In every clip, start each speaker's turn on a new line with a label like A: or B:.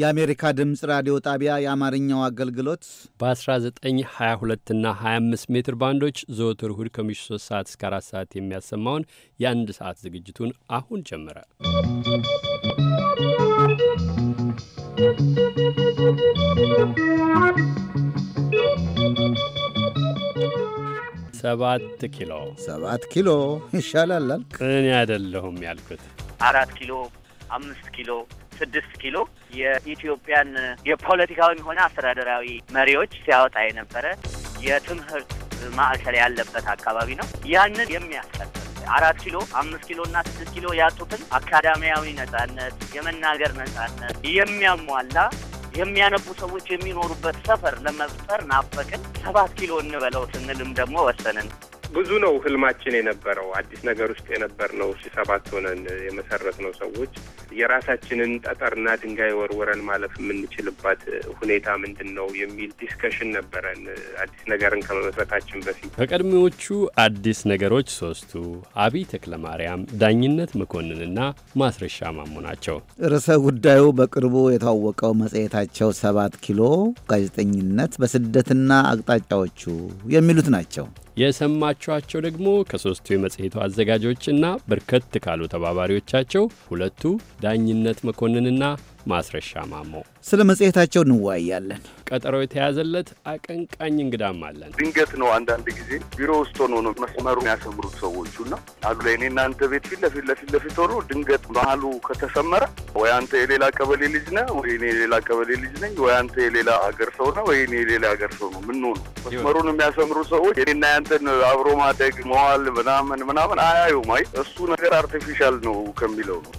A: የአሜሪካ ድምፅ ራዲዮ ጣቢያ የአማርኛው አገልግሎት በ1922 እና
B: 25 ሜትር ባንዶች ዘወትር እሁድ ከምሽቱ 3 ሰዓት እስከ 4 ሰዓት የሚያሰማውን የአንድ ሰዓት ዝግጅቱን አሁን ጀመረ። ሰባት ኪሎ ሰባት ኪሎ ይሻላል አልክ? እኔ አይደለሁም ያልኩት
C: አራት ኪሎ አምስት ኪሎ ስድስት ኪሎ የኢትዮጵያን የፖለቲካዊም ሆነ አስተዳደራዊ መሪዎች ሲያወጣ የነበረ የትምህርት ማዕከል ያለበት አካባቢ ነው። ያንን የሚያስቀጥል አራት ኪሎ፣ አምስት ኪሎ እና ስድስት ኪሎ ያጡትን አካዳሚያዊ ነጻነት፣ የመናገር ነጻነት የሚያሟላ የሚያነቡ ሰዎች የሚኖሩበት ሰፈር ለመፍጠር ናፈቅን። ሰባት ኪሎ እንበለው ስንልም ደግሞ ወሰንን። ብዙ ነው ህልማችን የነበረው
D: አዲስ ነገር ውስጥ የነበር ነው። ሺ ሰባት ሆነን የመሰረት ነው ሰዎች የራሳችንን ጠጠርና ድንጋይ ወርወረን ማለፍ የምንችልባት ሁኔታ ምንድን ነው የሚል ዲስከሽን ነበረን አዲስ ነገርን
A: ከመመስረታችን በፊት።
B: ከቀድሞዎቹ አዲስ ነገሮች ሶስቱ አብይ ማርያም ዳኝነት መኮንንና ማስረሻ ማሙ ናቸው።
A: ርዕሰ ጉዳዩ በቅርቡ የታወቀው መጽሔታቸው ሰባት ኪሎ ጋዜጠኝነት በስደትና አቅጣጫዎቹ የሚሉት ናቸው።
B: የሰማችኋቸው ደግሞ ከሦስቱ የመጽሔቱ አዘጋጆችና በርከት ካሉ ተባባሪዎቻቸው ሁለቱ ዳኝነት መኮንንና ማስረሻ ማሞ።
A: ስለ መጽሔታቸው እንወያያለን።
B: ቀጠሮ የተያዘለት አቀንቃኝ እንግዳም አለን። ድንገት ነው። አንዳንድ ጊዜ ቢሮ ውስጥ ሆኖ ነው መስመሩ የሚያሰምሩት ሰዎቹ ና አሉ ላይ እኔ እናንተ ቤት
E: ፊት ለፊት ለፊት ለፊት ሆኖ ድንገት መሀሉ ከተሰመረ ወይ አንተ የሌላ ቀበሌ ልጅ ነህ፣ ወይ እኔ የሌላ ቀበሌ ልጅ ነኝ፣ ወይ አንተ የሌላ አገር ሰው ነህ፣ ወይ እኔ የሌላ አገር ሰው ነው። ምን ሆነ መስመሩን የሚያሰምሩ ሰዎች የኔና ያንተን አብሮ ማደግ መዋል ምናምን ምናምን አያዩም። አይ እሱ ነገር
B: አርቲፊሻል ነው ከሚለው ነው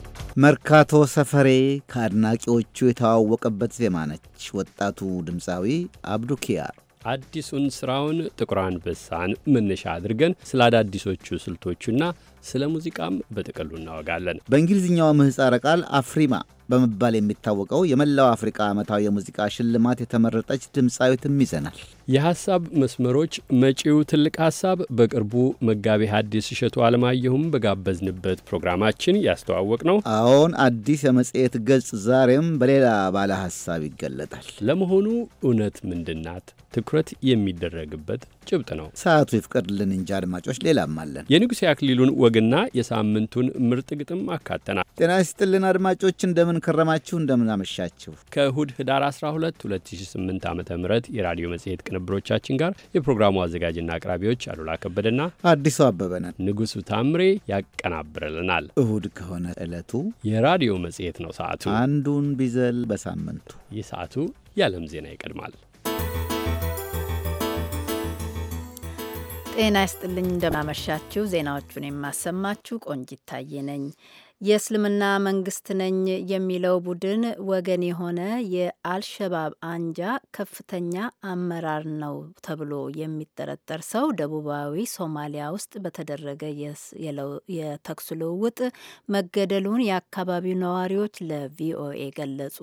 A: መርካቶ ሰፈሬ ከአድናቂዎቹ የተዋወቀበት ዜማ ነች። ወጣቱ ድምፃዊ አብዱ ኪያር
B: አዲሱን ስራውን ጥቁር አንበሳን መነሻ አድርገን ስለ አዳዲሶቹ ስልቶቹና ስለ ሙዚቃም በጥቅሉ እናወጋለን።
A: በእንግሊዝኛዋ ምህፃረ ቃል አፍሪማ በመባል የሚታወቀው የመላው አፍሪቃ ዓመታዊ የሙዚቃ ሽልማት የተመረጠች ድምፃዊትም ይዘናል።
B: የሐሳብ መስመሮች መጪው ትልቅ ሐሳብ በቅርቡ መጋቢ ሐዲስ እሸቱ አለማየሁም በጋበዝንበት ፕሮግራማችን ያስተዋወቅ ነው።
A: አዎን፣ አዲስ የመጽሔት ገጽ ዛሬም በሌላ ባለ ሐሳብ ይገለጣል። ለመሆኑ እውነት ምንድናት? ትኩረት የሚደረግበት ጭብጥ ነው። ሰዓቱ ይፍቀድልን እንጂ አድማጮች፣ ሌላም አለን።
B: የንጉሴ አክሊሉን ወግና የሳምንቱን ምርጥ ግጥም አካተናል።
A: ጤና ይስጥልን አድማጮች፣ እንደምን ከረማችሁ፣ እንደምን አመሻችሁ።
B: ከእሁድ ህዳር 12 2008 ዓ ም የራዲዮ መጽሔት ቅንብሮቻችን ጋር የፕሮግራሙ አዘጋጅና አቅራቢዎች አሉላ ከበደና
A: አዲሱ አበበነን
B: ንጉሱ ታምሬ ያቀናብርልናል። እሁድ ከሆነ ዕለቱ የራዲዮ መጽሔት ነው። ሰዓቱ
A: አንዱን ቢዘል በሳምንቱ
B: የሰዓቱ የዓለም ዜና ይቀድማል።
F: ጤና ይስጥልኝ እንደምናመሻችሁ። ዜናዎቹን የማሰማችሁ ቆንጂት ታዬ ነኝ። የእስልምና መንግስት ነኝ የሚለው ቡድን ወገን የሆነ የአልሸባብ አንጃ ከፍተኛ አመራር ነው ተብሎ የሚጠረጠር ሰው ደቡባዊ ሶማሊያ ውስጥ በተደረገ የተኩስ ልውውጥ መገደሉን የአካባቢው ነዋሪዎች ለቪኦኤ ገለጹ።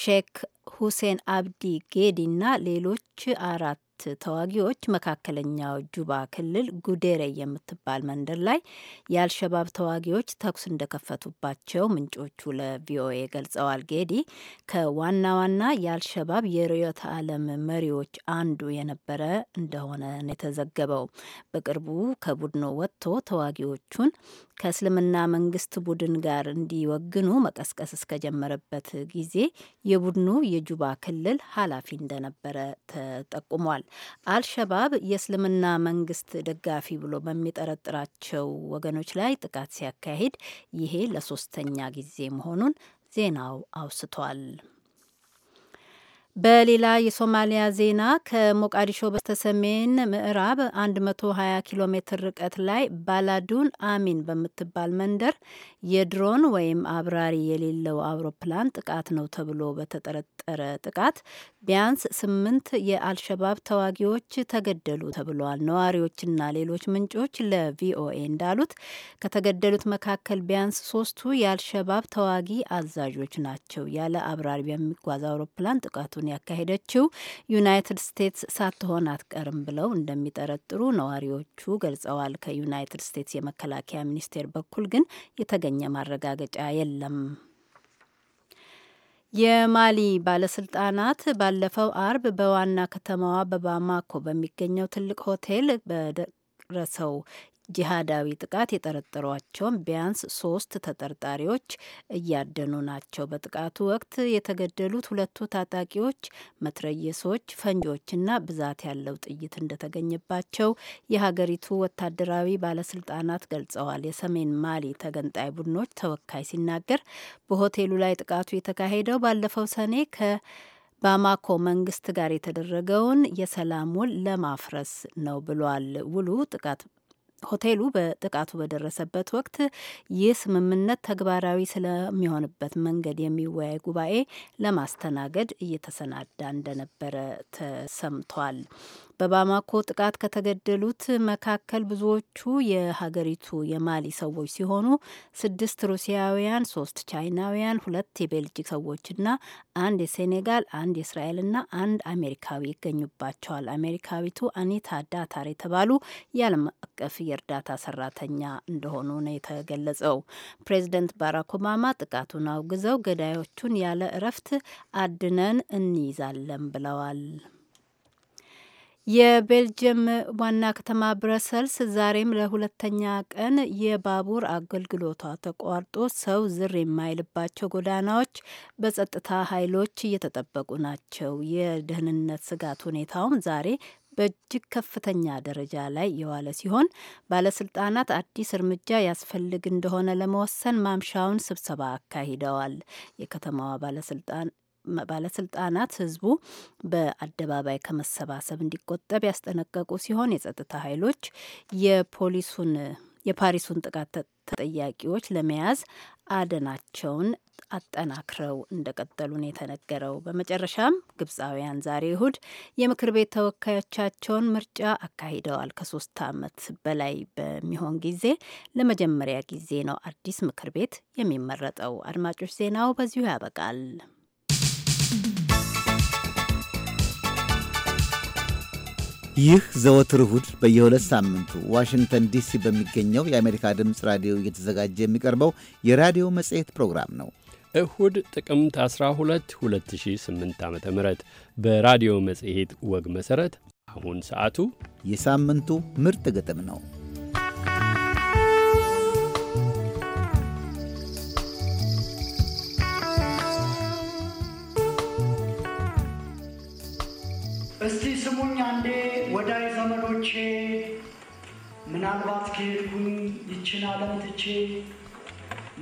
F: ሼክ ሁሴን አብዲ ጌዲ እና ሌሎች አራት ሁለት ተዋጊዎች መካከለኛው ጁባ ክልል ጉዴሬ የምትባል መንደር ላይ የአልሸባብ ተዋጊዎች ተኩስ እንደከፈቱባቸው ምንጮቹ ለቪኦኤ ገልጸዋል። ጌዲ ከዋና ዋና የአልሸባብ የርዕዮተ ዓለም መሪዎች አንዱ የነበረ እንደሆነ ነው የተዘገበው። በቅርቡ ከቡድኑ ወጥቶ ተዋጊዎቹን ከእስልምና መንግስት ቡድን ጋር እንዲወግኑ መቀስቀስ እስከጀመረበት ጊዜ የቡድኑ የጁባ ክልል ኃላፊ እንደነበረ ተጠቁሟል። አልሸባብ የእስልምና መንግስት ደጋፊ ብሎ በሚጠረጥራቸው ወገኖች ላይ ጥቃት ሲያካሂድ ይሄ ለሶስተኛ ጊዜ መሆኑን ዜናው አውስቷል። በሌላ የሶማሊያ ዜና ከሞቃዲሾ በስተሰሜን ምዕራብ 120 ኪሎ ሜትር ርቀት ላይ ባላዱን አሚን በምትባል መንደር የድሮን ወይም አብራሪ የሌለው አውሮፕላን ጥቃት ነው ተብሎ በተጠረጠረ ጥቃት ቢያንስ ስምንት የአልሸባብ ተዋጊዎች ተገደሉ ተብሏል። ነዋሪዎችና ሌሎች ምንጮች ለቪኦኤ እንዳሉት ከተገደሉት መካከል ቢያንስ ሶስቱ የአልሸባብ ተዋጊ አዛዦች ናቸው። ያለ አብራሪ በሚጓዝ አውሮፕላን ጥቃቱ ጥቃቱን ያካሄደችው ዩናይትድ ስቴትስ ሳትሆን አትቀርም ብለው እንደሚጠረጥሩ ነዋሪዎቹ ገልጸዋል። ከዩናይትድ ስቴትስ የመከላከያ ሚኒስቴር በኩል ግን የተገኘ ማረጋገጫ የለም። የማሊ ባለስልጣናት ባለፈው አርብ በዋና ከተማዋ በባማኮ በሚገኘው ትልቅ ሆቴል በደረሰው ጂሃዳዊ ጥቃት የጠረጠሯቸውን ቢያንስ ሶስት ተጠርጣሪዎች እያደኑ ናቸው። በጥቃቱ ወቅት የተገደሉት ሁለቱ ታጣቂዎች መትረየሶች፣ ፈንጂዎችና ብዛት ያለው ጥይት እንደተገኘባቸው የሀገሪቱ ወታደራዊ ባለስልጣናት ገልጸዋል። የሰሜን ማሊ ተገንጣይ ቡድኖች ተወካይ ሲናገር በሆቴሉ ላይ ጥቃቱ የተካሄደው ባለፈው ሰኔ ከ ባማኮ መንግስት ጋር የተደረገውን የሰላም ውል ለማፍረስ ነው ብሏል። ውሉ ጥቃት ሆቴሉ በጥቃቱ በደረሰበት ወቅት ይህ ስምምነት ተግባራዊ ስለሚሆንበት መንገድ የሚወያይ ጉባኤ ለማስተናገድ እየተሰናዳ እንደነበረ ተሰምቷል። በባማኮ ጥቃት ከተገደሉት መካከል ብዙዎቹ የሀገሪቱ የማሊ ሰዎች ሲሆኑ ስድስት ሩሲያውያን፣ ሶስት ቻይናውያን፣ ሁለት የቤልጂክ ሰዎችና አንድ የሴኔጋል፣ አንድ የእስራኤልና አንድ አሜሪካዊ ይገኙባቸዋል። አሜሪካዊቱ አኒታ ዳታር የተባሉ የዓለም አቀፍ የእርዳታ ሰራተኛ እንደሆኑ ነው የተገለጸው። ፕሬዚደንት ባራክ ኦባማ ጥቃቱን አውግዘው ገዳዮቹን ያለ እረፍት አድነን እንይዛለን ብለዋል። የቤልጅየም ዋና ከተማ ብረሰልስ ዛሬም ለሁለተኛ ቀን የባቡር አገልግሎቷ ተቋርጦ ሰው ዝር የማይልባቸው ጎዳናዎች በጸጥታ ኃይሎች እየተጠበቁ ናቸው። የደህንነት ስጋት ሁኔታውም ዛሬ በእጅግ ከፍተኛ ደረጃ ላይ የዋለ ሲሆን ባለስልጣናት አዲስ እርምጃ ያስፈልግ እንደሆነ ለመወሰን ማምሻውን ስብሰባ አካሂደዋል። የከተማዋ ባለስልጣን ባለስልጣናት ህዝቡ በአደባባይ ከመሰባሰብ እንዲቆጠብ ያስጠነቀቁ ሲሆን የጸጥታ ኃይሎች የፖሊሱን የፓሪሱን ጥቃት ተጠያቂዎች ለመያዝ አደናቸውን አጠናክረው እንደቀጠሉ ነው የተነገረው። በመጨረሻም ግብፃውያን ዛሬ እሁድ የምክር ቤት ተወካዮቻቸውን ምርጫ አካሂደዋል። ከሶስት አመት በላይ በሚሆን ጊዜ ለመጀመሪያ ጊዜ ነው አዲስ ምክር ቤት የሚመረጠው። አድማጮች ዜናው በዚሁ ያበቃል።
A: ይህ ዘወትር እሁድ በየሁለት ሳምንቱ ዋሽንግተን ዲሲ በሚገኘው የአሜሪካ ድምፅ ራዲዮ እየተዘጋጀ የሚቀርበው የራዲዮ መጽሔት ፕሮግራም ነው።
B: እሁድ ጥቅምት 12 2008 ዓ ም በራዲዮ መጽሔት ወግ መሠረት አሁን ሰዓቱ
A: የሳምንቱ ምርጥ ግጥም ነው።
G: ምናልባት ከሄድኩኝ ይችን ዓለም ትቼ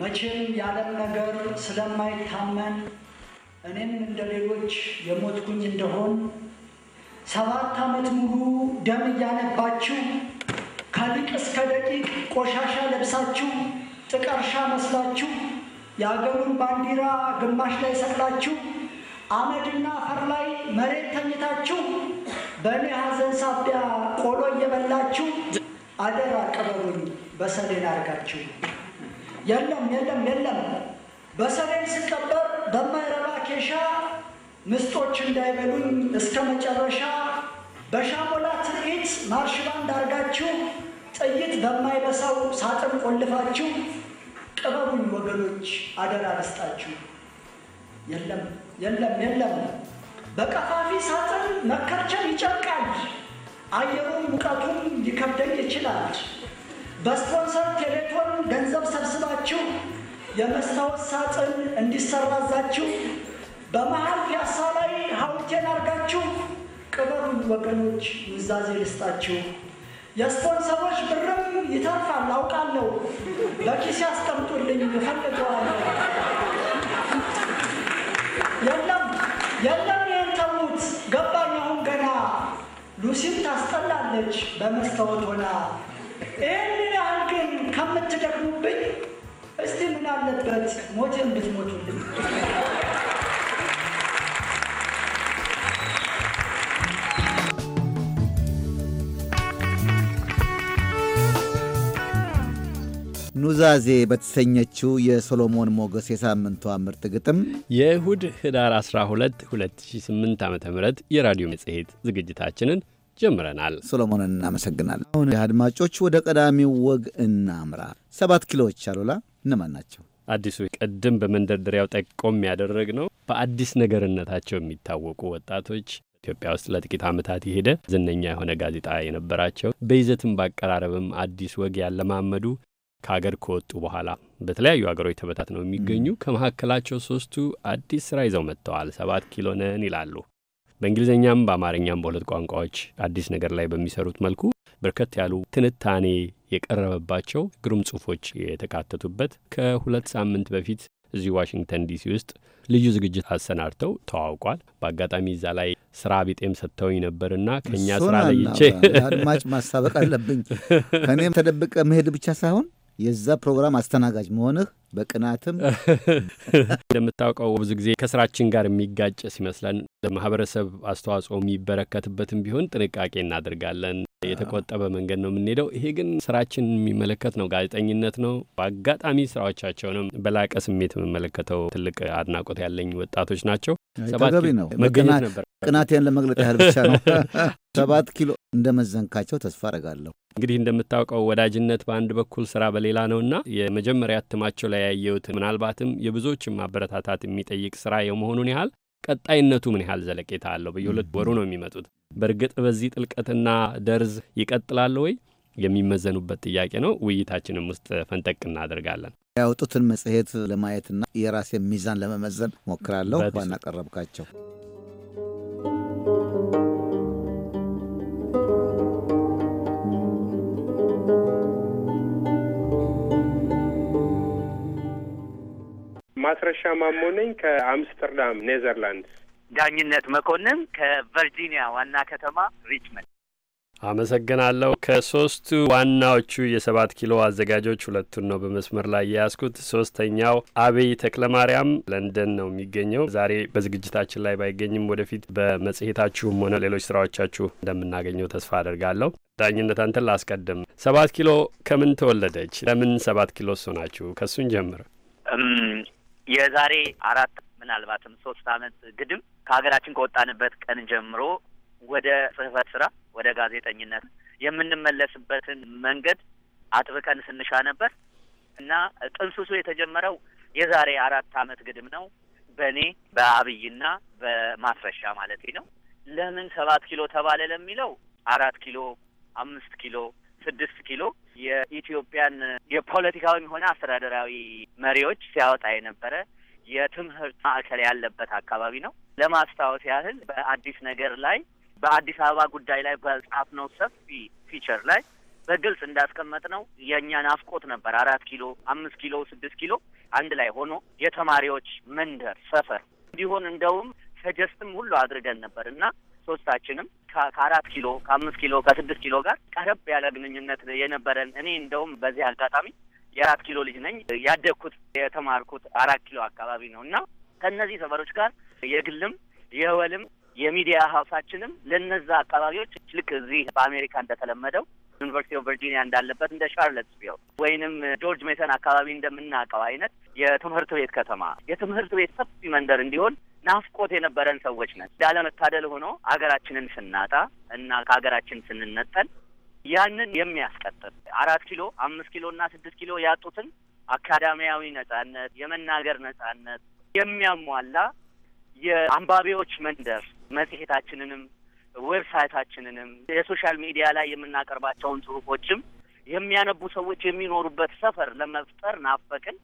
G: መቼም የዓለም ነገር ስለማይታመን እኔም እንደ ሌሎች የሞትኩኝ እንደሆን ሰባት ዓመት ሙሉ ደም እያነባችሁ ከሊቅ እስከ ደቂቅ ቆሻሻ ለብሳችሁ ጥቀርሻ መስላችሁ የአገሩን ባንዲራ ግማሽ ላይ ሰቅላችሁ አመድና አፈር ላይ መሬት ተኝታችሁ በእኔ ሀዘን ሳቢያ ቆሎ እየበላችሁ አደራ ቅበሩኝ በሰሌን አድርጋችሁ። የለም የለም የለም በሰሌን ስቀበር በማይረባ ኬሻ ምስጦች እንዳይበሉኝ እስከ መጨረሻ በሻሞላ ትርኢት ማርሽ ባንድ ጥይት በማይበሳው ሳጥን ቆልፋችሁ ቅበሩኝ ወገኖች አደራ ልስጣችሁ። የለም የለም የለም በቀፋፊ ሳጥን መከርቸር ይጨምቃል። አየሩም ሙቀቱም ሊከብደኝ ይችላል። በስፖንሰር ቴሌቶን ገንዘብ ሰብስባችሁ የመስታወት ሳጥን እንዲሰራዛችሁ በመሀል ፒያሳ ላይ ሐውልቴን አርጋችሁ ቅበሩን ወገኖች፣ ውዛዜ ልስጣችሁ። የስፖንሰሮች ብርም ይተርፋል አውቃለሁ። በኪስ ያስቀምጡልኝ እፈልገዋለሁ። የለም የለም በመስታወት ሆና ይህንን ያህል ግን ከምትደክሙብኝ እስቲ ምን አለበት ሞትን ብትሞቱልኝ።
A: ኑዛዜ በተሰኘችው የሶሎሞን ሞገስ የሳምንቷ ምርጥ ግጥም
B: የእሁድ ህዳር 12 2008 ዓ ም የራዲዮ መጽሔት ዝግጅታችንን ጀምረናል።
A: ሶሎሞንን እናመሰግናለን። አሁን አድማጮች ወደ ቀዳሚው ወግ እናምራ። ሰባት ኪሎዎች አሉላ እነማን ናቸው?
B: አዲሱ ቅድም በመንደርደሪያው ጠቆም ያደረግ ነው። በአዲስ ነገርነታቸው የሚታወቁ ወጣቶች ኢትዮጵያ ውስጥ ለጥቂት ዓመታት የሄደ ዝነኛ የሆነ ጋዜጣ የነበራቸው በይዘትም በአቀራረብም አዲስ ወግ ያለማመዱ ከሀገር ከወጡ በኋላ በተለያዩ ሀገሮች ተበታትነው የሚገኙ ከመካከላቸው ሶስቱ አዲስ ስራ ይዘው መጥተዋል። ሰባት ኪሎ ነን ይላሉ። በእንግሊዝኛም በአማርኛም በሁለት ቋንቋዎች አዲስ ነገር ላይ በሚሰሩት መልኩ በርከት ያሉ ትንታኔ የቀረበባቸው ግሩም ጽሁፎች የተካተቱበት ከሁለት ሳምንት በፊት እዚህ ዋሽንግተን ዲሲ ውስጥ ልዩ ዝግጅት አሰናድተው ተዋውቋል። በአጋጣሚ እዛ ላይ ስራ ቢጤም ሰጥተውኝ ነበርና ከእኛ ስራ ለይቼ አድማጭ
A: ማሳበቅ አለብኝ። ከእኔም ተደብቀ መሄድ ብቻ ሳይሆን የዛ ፕሮግራም አስተናጋጅ መሆንህ በቅናትም
B: እንደምታውቀው ብዙ ጊዜ ከስራችን ጋር የሚጋጭ ሲመስለን ለማህበረሰብ አስተዋጽኦ የሚበረከትበትም ቢሆን ጥንቃቄ እናደርጋለን። የተቆጠበ መንገድ ነው የምንሄደው። ይሄ ግን ስራችን የሚመለከት ነው፣ ጋዜጠኝነት ነው። በአጋጣሚ ስራዎቻቸውንም በላቀ ስሜት የምመለከተው ትልቅ አድናቆት ያለኝ ወጣቶች ናቸው።
A: ተገቢ ነው። መገኘት ነበር። ቅናቴን ለመግለጥ ያህል ብቻ ነው። ሰባት ኪሎ እንደመዘንካቸው ተስፋ አረጋለሁ።
B: እንግዲህ እንደምታውቀው ወዳጅነት በአንድ በኩል ስራ በሌላ ነውና የመጀመሪያ እትማቸው ላይ ያየሁት ምናልባትም የብዙዎችን ማበረታታት የሚጠይቅ ስራ የመሆኑን ያህል ቀጣይነቱ ምን ያህል ዘለቄታ አለው? በየሁለት ወሩ ነው የሚመጡት። በእርግጥ በዚህ ጥልቀትና ደርዝ ይቀጥላል ወይ የሚመዘኑበት ጥያቄ ነው። ውይይታችንም ውስጥ ፈንጠቅ እናደርጋለን።
A: ያወጡትን መጽሔት ለማየትና የራሴ ሚዛን ለመመዘን ሞክራለሁ። ባናቀረብካቸው
D: thank you ማስረሻ ማሞ ነኝ ከአምስተርዳም ኔዘርላንድ።
C: ዳኝነት መኮንን ከቨርጂኒያ ዋና ከተማ ሪችመንድ።
B: አመሰግናለሁ። ከሶስቱ ዋናዎቹ የሰባት ኪሎ አዘጋጆች ሁለቱን ነው በመስመር ላይ የያዝኩት። ሶስተኛው አብይ ተክለማርያም ለንደን ነው የሚገኘው። ዛሬ በዝግጅታችን ላይ ባይገኝም ወደፊት በመጽሔታችሁም ሆነ ሌሎች ስራዎቻችሁ እንደምናገኘው ተስፋ አድርጋለሁ። ዳኝነት አንተን ላስቀድም። ሰባት ኪሎ ከምን ተወለደች? ለምን ሰባት ኪሎ ሶ ናችሁ? ከእሱን ጀምር።
C: የዛሬ አራት ምናልባትም ሶስት አመት ግድም ከሀገራችን ከወጣንበት ቀን ጀምሮ ወደ ጽህፈት ስራ ወደ ጋዜጠኝነት የምንመለስበትን መንገድ አጥብቀን ስንሻ ነበር እና ጥንስሱ የተጀመረው የዛሬ አራት አመት ግድም ነው። በእኔ በአብይና በማስረሻ ማለት ነው። ለምን ሰባት ኪሎ ተባለ ለሚለው አራት ኪሎ፣ አምስት ኪሎ፣ ስድስት ኪሎ የኢትዮጵያን የፖለቲካዊም ሆነ አስተዳደራዊ መሪዎች ሲያወጣ የነበረ የትምህርት ማዕከል ያለበት አካባቢ ነው። ለማስታወስ ያህል በአዲስ ነገር ላይ በአዲስ አበባ ጉዳይ ላይ በጻፍነው ሰፊ ፊቸር ላይ በግልጽ እንዳስቀመጥ ነው የእኛ ናፍቆት ነበር። አራት ኪሎ፣ አምስት ኪሎ፣ ስድስት ኪሎ አንድ ላይ ሆኖ የተማሪዎች መንደር ሰፈር እንዲሆን እንደውም ሰጀስትም ሁሉ አድርገን ነበር እና ሶስታችንም ከአራት ኪሎ ከአምስት ኪሎ ከስድስት ኪሎ ጋር ቀረብ ያለ ግንኙነት የነበረን እኔ እንደውም በዚህ አጋጣሚ የአራት ኪሎ ልጅ ነኝ። ያደግኩት የተማርኩት አራት ኪሎ አካባቢ ነው እና ከእነዚህ ሰፈሮች ጋር የግልም የወልም የሚዲያ ሀውሳችንም ለነዛ አካባቢዎች ልክ እዚህ በአሜሪካ እንደተለመደው ዩኒቨርሲቲ ኦፍ ቨርጂኒያ እንዳለበት እንደ ሻርለትስቪል ወይንም ጆርጅ ሜሰን አካባቢ እንደምናውቀው አይነት የትምህርት ቤት ከተማ የትምህርት ቤት ሰፊ መንደር እንዲሆን ናፍቆት የነበረን ሰዎች ነን። እንዳለመታደል ሆኖ አገራችንን ስናጣ እና ከሀገራችን ስንነጠል ያንን የሚያስቀጥል አራት ኪሎ አምስት ኪሎ እና ስድስት ኪሎ ያጡትን አካዳሚያዊ ነጻነት፣ የመናገር ነጻነት የሚያሟላ የአንባቢዎች መንደር መጽሔታችንንም ዌብሳይታችንንም የሶሻል ሚዲያ ላይ የምናቀርባቸውን ጽሁፎችም የሚያነቡ ሰዎች የሚኖሩበት ሰፈር ለመፍጠር ናፈቅን።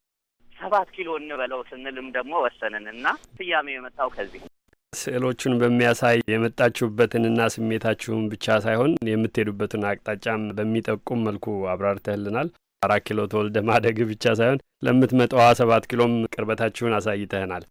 C: ሰባት ኪሎ እንበለው ስንልም ደግሞ ወሰንን እና ስያሜው የመጣው ከዚህ
B: ስዕሎቹን በሚያሳይ የመጣችሁበትንና ስሜታችሁን ብቻ ሳይሆን የምትሄዱበትን አቅጣጫም በሚጠቁም መልኩ አብራርተህልናል። አራት ኪሎ ተወልደ ማደግ ብቻ ሳይሆን ለምትመጣዋ ሰባት ኪሎም ቅርበታችሁን አሳይተህናል።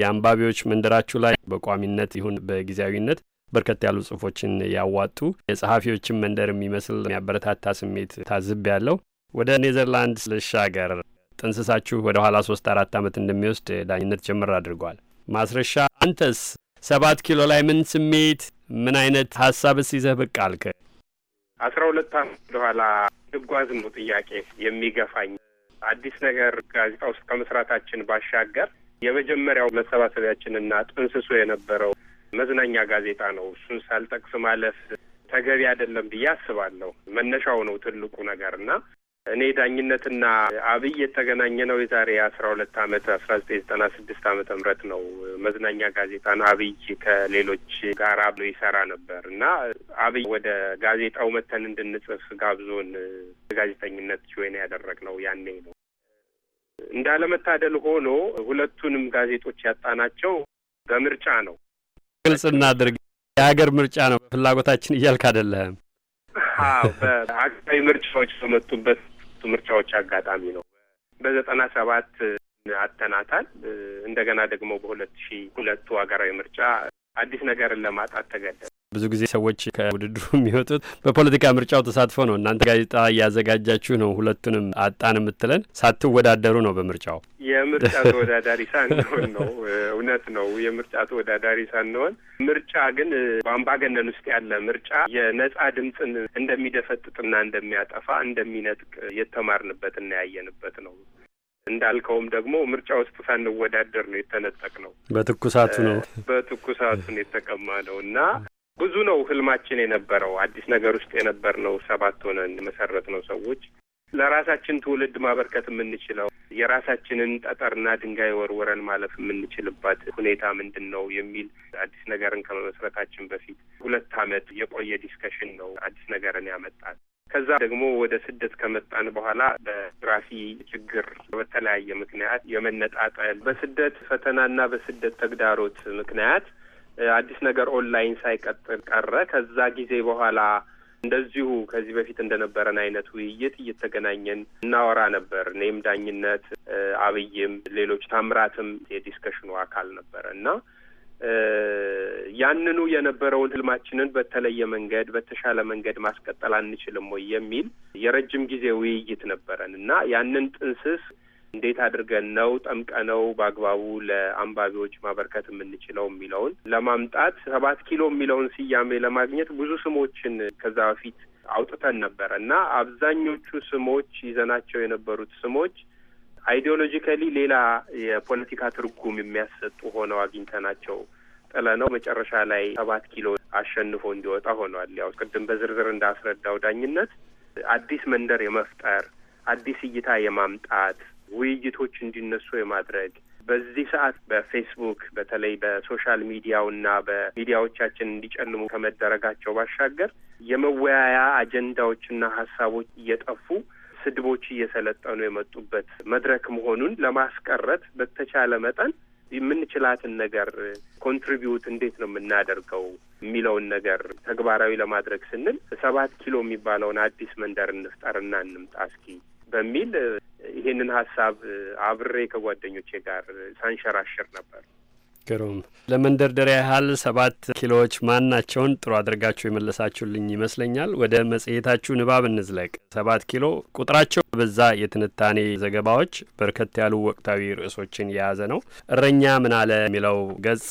B: የአንባቢዎች መንደራችሁ ላይ በቋሚነት ይሁን በጊዜያዊነት በርከት ያሉ ጽሁፎችን ያዋጡ የጸሐፊዎችን መንደር የሚመስል የሚያበረታታ ስሜት ታዝብ ያለው። ወደ ኔዘርላንድ ልሻገር። ጥንስሳችሁ ወደ ኋላ ሶስት አራት ዓመት እንደሚወስድ ዳኝነት ጀምር አድርጓል። ማስረሻ አንተስ ሰባት ኪሎ ላይ ምን ስሜት ምን አይነት ሀሳብስ ይዘህ ብቅ አልክ?
D: አስራ ሁለት ዓመት ወደኋላ ልጓዝ ነው ጥያቄ የሚገፋኝ አዲስ ነገር ጋዜጣ ውስጥ ከመስራታችን ባሻገር የመጀመሪያው መሰባሰቢያችንና ጥንስሶ የነበረው መዝናኛ ጋዜጣ ነው። እሱን ሳልጠቅስ ማለፍ ተገቢ አይደለም ብዬ አስባለሁ። መነሻው ነው ትልቁ ነገር እና እኔ ዳኝነትና አብይ የተገናኘ ነው የዛሬ አስራ ሁለት አመት አስራ ዘጠኝ ዘጠና ስድስት አመተ ምህረት ነው። መዝናኛ ጋዜጣን አብይ ከሌሎች ጋር ብሎ ይሰራ ነበር እና አብይ ወደ ጋዜጣው መተን እንድንጽፍ ጋብዞን ጋዜጠኝነት ያደረግ ነው ያኔ ነው። እንዳለመታደል ሆኖ ሁለቱንም ጋዜጦች ያጣናቸው በምርጫ ነው።
B: ግልጽ እናድርግ፣ የሀገር ምርጫ ነው። ፍላጎታችን እያልክ አይደለህም።
D: አዎ ምርጫዎች በመጡበት ምርጫዎች አጋጣሚ ነው። በዘጠና ሰባት አተናታል እንደገና ደግሞ በሁለት ሺ ሁለቱ ሀገራዊ ምርጫ አዲስ ነገርን ለማጣት ተገደል
B: ብዙ ጊዜ ሰዎች ከውድድሩ የሚወጡት በፖለቲካ ምርጫው ተሳትፎ ነው። እናንተ ጋዜጣ እያዘጋጃችሁ ነው። ሁለቱንም አጣን የምትለን ሳትወዳደሩ ነው። በምርጫው የምርጫ ተወዳዳሪ ሳንሆን ነው።
D: እውነት ነው። የምርጫ ተወዳዳሪ ሳንሆን ምርጫ ግን በአምባገነን ውስጥ ያለ ምርጫ የነጻ ድምፅን እንደሚደፈጥጥና እንደሚያጠፋ እንደሚነጥቅ የተማርንበት ያየንበት ነው። እንዳልከውም ደግሞ ምርጫ ውስጥ ሳንወዳደር ነው የተነጠቅ ነው።
B: በትኩሳቱ ነው
D: በትኩሳቱን የተቀማ ነው እና ብዙ ነው ህልማችን የነበረው አዲስ ነገር ውስጥ የነበር ነው። ሰባት ሆነን መሰረት ነው ሰዎች ለራሳችን ትውልድ ማበርከት የምንችለው የራሳችንን ጠጠርና ድንጋይ ወርወረን ማለፍ የምንችልባት ሁኔታ ምንድን ነው የሚል አዲስ ነገርን ከመመስረታችን በፊት ሁለት ዓመት የቆየ ዲስከሽን ነው አዲስ ነገርን ያመጣል። ከዛ ደግሞ ወደ ስደት ከመጣን በኋላ በራሲ ችግር በተለያየ ምክንያት የመነጣጠል በስደት ፈተናና በስደት ተግዳሮት ምክንያት አዲስ ነገር ኦንላይን ሳይቀጥል ቀረ። ከዛ ጊዜ በኋላ እንደዚሁ ከዚህ በፊት እንደነበረን አይነት ውይይት እየተገናኘን እናወራ ነበር። እኔም ዳኝነት፣ አብይም፣ ሌሎች ታምራትም የዲስከሽኑ አካል ነበረ እና ያንኑ የነበረውን ህልማችንን በተለየ መንገድ በተሻለ መንገድ ማስቀጠል አንችልም ወይ የሚል የረጅም ጊዜ ውይይት ነበረን እና ያንን ጥንስስ እንዴት አድርገን ነው ጠምቀነው በአግባቡ ለአንባቢዎች ማበርከት የምንችለው የሚለውን ለማምጣት ሰባት ኪሎ የሚለውን ስያሜ ለማግኘት ብዙ ስሞችን ከዛ በፊት አውጥተን ነበረ እና አብዛኞቹ ስሞች ይዘናቸው የነበሩት ስሞች አይዲዮሎጂካሊ ሌላ የፖለቲካ ትርጉም የሚያሰጡ ሆነው አግኝተናቸው ጥለ ነው መጨረሻ ላይ ሰባት ኪሎ አሸንፎ እንዲወጣ ሆኗል። ያው ቅድም በዝርዝር እንዳስረዳው ዳኝነት አዲስ መንደር የመፍጠር አዲስ እይታ የማምጣት ውይይቶች እንዲነሱ የማድረግ በዚህ ሰዓት በፌስቡክ በተለይ በሶሻል ሚዲያው እና በሚዲያዎቻችን እንዲጨልሙ ከመደረጋቸው ባሻገር የመወያያ አጀንዳዎችና ሀሳቦች እየጠፉ ስድቦች እየሰለጠኑ የመጡበት መድረክ መሆኑን ለማስቀረት በተቻለ መጠን የምንችላትን ነገር ኮንትሪቢዩት እንዴት ነው የምናደርገው የሚለውን ነገር ተግባራዊ ለማድረግ ስንል ሰባት ኪሎ የሚባለውን አዲስ መንደር እንፍጠርና እንምጣ እስኪ በሚል ይህንን ሀሳብ አብሬ ከጓደኞቼ ጋር ሳንሸራሽር ነበር።
B: ግሩም። ለመንደርደሪያ ያህል ሰባት ኪሎዎች ማናቸውን ጥሩ አድርጋችሁ የመለሳችሁልኝ ይመስለኛል። ወደ መጽሔታችሁ ንባብ እንዝለቅ። ሰባት ኪሎ ቁጥራቸው በዛ የትንታኔ ዘገባዎች በርከት ያሉ ወቅታዊ ርዕሶችን የያዘ ነው። እረኛ ምን አለ የሚለው ገጽ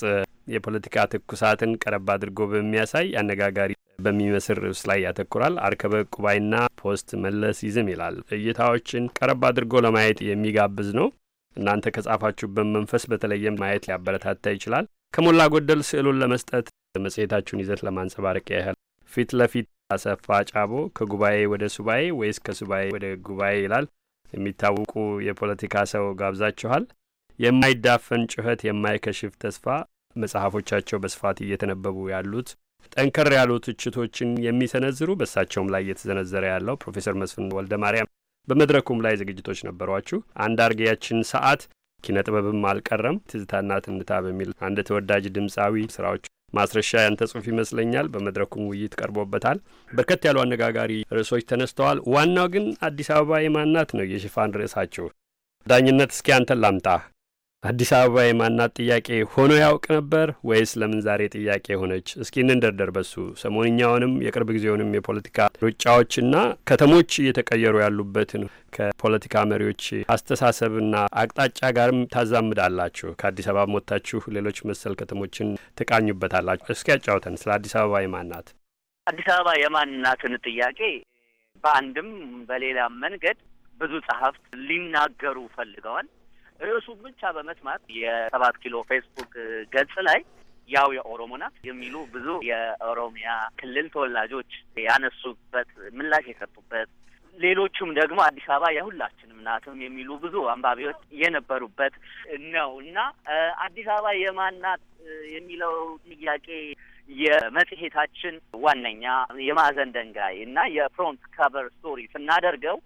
B: የፖለቲካ ትኩሳትን ቀረብ አድርጎ በሚያሳይ አነጋጋሪ በሚመስር ርዕስ ላይ ያተኩራል። አርከበ ቁባይና ፖስት መለስ ይዝም ይላል። እይታዎችን ቀረብ አድርጎ ለማየት የሚጋብዝ ነው። እናንተ ከጻፋችሁበት መንፈስ በተለየ ማየት ሊያበረታታ ይችላል። ከሞላ ጎደል ስዕሉን ለመስጠት መጽሔታችሁን ይዘት ለማንጸባረቅ ያህል ፊት ለፊት አሰፋ ጫቦ ከጉባኤ ወደ ሱባኤ ወይስ ከሱባኤ ወደ ጉባኤ ይላል። የሚታወቁ የፖለቲካ ሰው ጋብዛችኋል። የማይዳፈን ጩኸት፣ የማይከሽፍ ተስፋ መጽሐፎቻቸው በስፋት እየተነበቡ ያሉት ጠንከር ያሉ ትችቶችን የሚሰነዝሩ በእሳቸውም ላይ እየተዘነዘረ ያለው ፕሮፌሰር መስፍን ወልደ ማርያም በመድረኩም ላይ ዝግጅቶች ነበሯችሁ። አንድ አርጌያችን ሰዓት ኪነ ጥበብም አልቀረም ትዝታና ትንታ በሚል አንድ ተወዳጅ ድምፃዊ ስራዎች ማስረሻ ያንተ ጽሁፍ ይመስለኛል። በመድረኩም ውይይት ቀርቦበታል። በርከት ያሉ አነጋጋሪ ርዕሶች ተነስተዋል። ዋናው ግን አዲስ አበባ የማናት ነው የሽፋን ርዕሳችሁ። ዳኝነት እስኪ አንተን ላምጣ። አዲስ አበባ የማናት ጥያቄ ሆኖ ያውቅ ነበር ወይስ ለምን ዛሬ ጥያቄ ሆነች? እስኪ እንንደርደር በሱ ሰሞንኛውንም የቅርብ ጊዜውንም የፖለቲካ ሩጫዎችና ከተሞች እየተቀየሩ ያሉበትን ከፖለቲካ መሪዎች አስተሳሰብና አቅጣጫ ጋርም ታዛምዳላችሁ። ከአዲስ አበባ ሞታችሁ ሌሎች መሰል ከተሞችን ትቃኙበታላችሁ። እስኪ ያጫውተን ስለ አዲስ አበባ የማናት
C: አዲስ አበባ የማናትን ጥያቄ በአንድም በሌላም መንገድ ብዙ ጸሐፍት ሊናገሩ ፈልገዋል። ርዕሱን ብቻ በመስማት የሰባት ኪሎ ፌስቡክ ገጽ ላይ ያው የኦሮሞ ናት የሚሉ ብዙ የኦሮሚያ ክልል ተወላጆች ያነሱበት ምላሽ የሰጡበት ሌሎቹም ደግሞ አዲስ አበባ የሁላችንም ናትም የሚሉ ብዙ አንባቢዎች የነበሩበት ነው እና አዲስ አበባ የማን ናት የሚለው ጥያቄ የመጽሔታችን ዋነኛ የማዕዘን ደንጋይ እና የፍሮንት ከቨር ስቶሪ ስናደርገው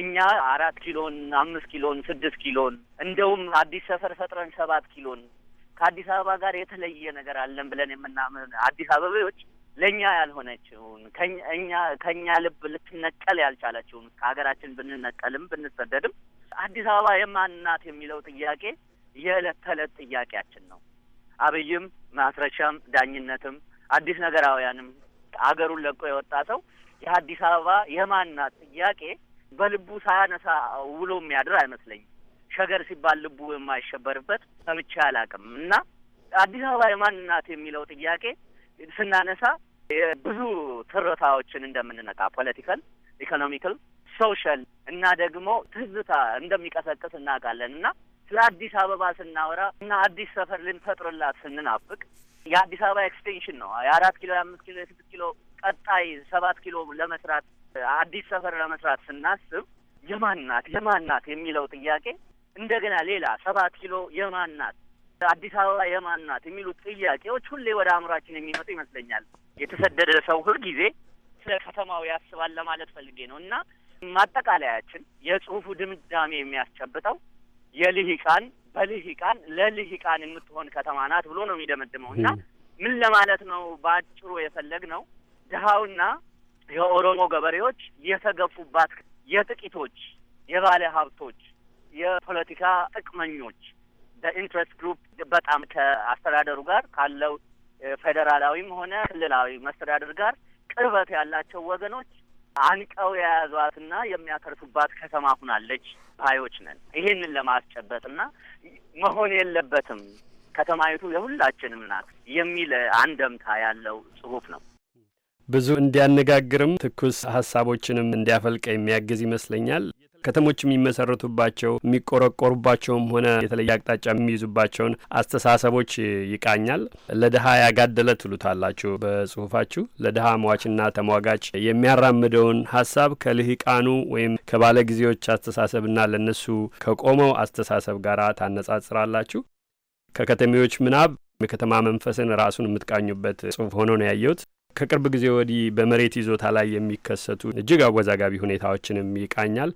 C: እኛ አራት ኪሎን አምስት ኪሎን ስድስት ኪሎን እንደውም አዲስ ሰፈር ፈጥረን ሰባት ኪሎን ከአዲስ አበባ ጋር የተለየ ነገር አለን ብለን የምናምን አዲስ አበባዎች ለእኛ ያልሆነችውን እኛ ከእኛ ልብ ልትነቀል ያልቻለችውን ከሀገራችን ብንነቀልም ብንሰደድም አዲስ አበባ የማንናት የሚለው ጥያቄ የዕለት ተዕለት ጥያቄያችን ነው። አብይም ማስረሻም ዳኝነትም አዲስ ነገራውያንም አገሩን ለቆ የወጣ ሰው የአዲስ አበባ የማንናት ጥያቄ በልቡ ሳያነሳ ውሎ የሚያድር አይመስለኝም። ሸገር ሲባል ልቡ የማይሸበርበት ሰምቼ አላውቅም። እና አዲስ አበባ የማን ናት የሚለው ጥያቄ ስናነሳ ብዙ ትርታዎችን እንደምንነቃ ፖለቲካል፣ ኢኮኖሚካል፣ ሶሻል እና ደግሞ ትዝታ እንደሚቀሰቅስ እናውቃለን እና ስለ አዲስ አበባ ስናወራ እና አዲስ ሰፈር ልንፈጥርላት ስንናፍቅ የአዲስ አበባ ኤክስቴንሽን ነው የአራት ኪሎ የአምስት ኪሎ የስድስት ኪሎ ቀጣይ ሰባት ኪሎ ለመስራት አዲስ ሰፈር ለመስራት ስናስብ የማን ናት የማን ናት የሚለው ጥያቄ እንደገና ሌላ ሰባት ኪሎ የማናት አዲስ አበባ የማናት የሚሉ የሚሉት ጥያቄዎች ሁሌ ወደ አእምሯችን የሚመጡ ይመስለኛል። የተሰደደ ሰው ሁልጊዜ ስለ ከተማው ያስባል ለማለት ፈልጌ ነው እና ማጠቃለያችን የጽሁፉ ድምዳሜ የሚያስጨብጠው የልሂቃን በልሂቃን ለልሂቃን የምትሆን ከተማ ናት ብሎ ነው የሚደመድመው እና ምን ለማለት ነው በአጭሩ የፈለግ ነው ድሀውና የኦሮሞ ገበሬዎች የተገፉባት የጥቂቶች የባለ ሀብቶች የፖለቲካ ጥቅመኞች በኢንትረስት ግሩፕ በጣም ከአስተዳደሩ ጋር ካለው ፌዴራላዊም ሆነ ክልላዊ መስተዳደር ጋር ቅርበት ያላቸው ወገኖች አንቀው የያዟትና የሚያተርፉባት ከተማ ሁናለች ባዮች ነን። ይሄንን ለማስጨበጥና መሆን የለበትም ከተማይቱ የሁላችንም ናት የሚል አንደምታ ያለው ጽሁፍ ነው።
B: ብዙ እንዲያነጋግርም ትኩስ ሀሳቦችንም እንዲያፈልቀ የሚያግዝ ይመስለኛል። ከተሞች የሚመሰረቱባቸው የሚቆረቆሩባቸውም ሆነ የተለየ አቅጣጫ የሚይዙባቸውን አስተሳሰቦች ይቃኛል። ለድሀ ያጋደለ ትሉታላችሁ በጽሁፋችሁ። ለድሀ ሟችና ተሟጋች የሚያራምደውን ሀሳብ ከልሂቃኑ ወይም ከባለጊዜዎች አስተሳሰብና ለነሱ ከቆመው አስተሳሰብ ጋር ታነጻጽራላችሁ። ከከተሜዎች ምናብ የከተማ መንፈስን ራሱን የምትቃኙበት ጽሁፍ ሆኖ ነው ያየሁት። ከቅርብ ጊዜ ወዲህ በመሬት ይዞታ ላይ የሚከሰቱ እጅግ አወዛጋቢ ሁኔታዎችንም ይቃኛል።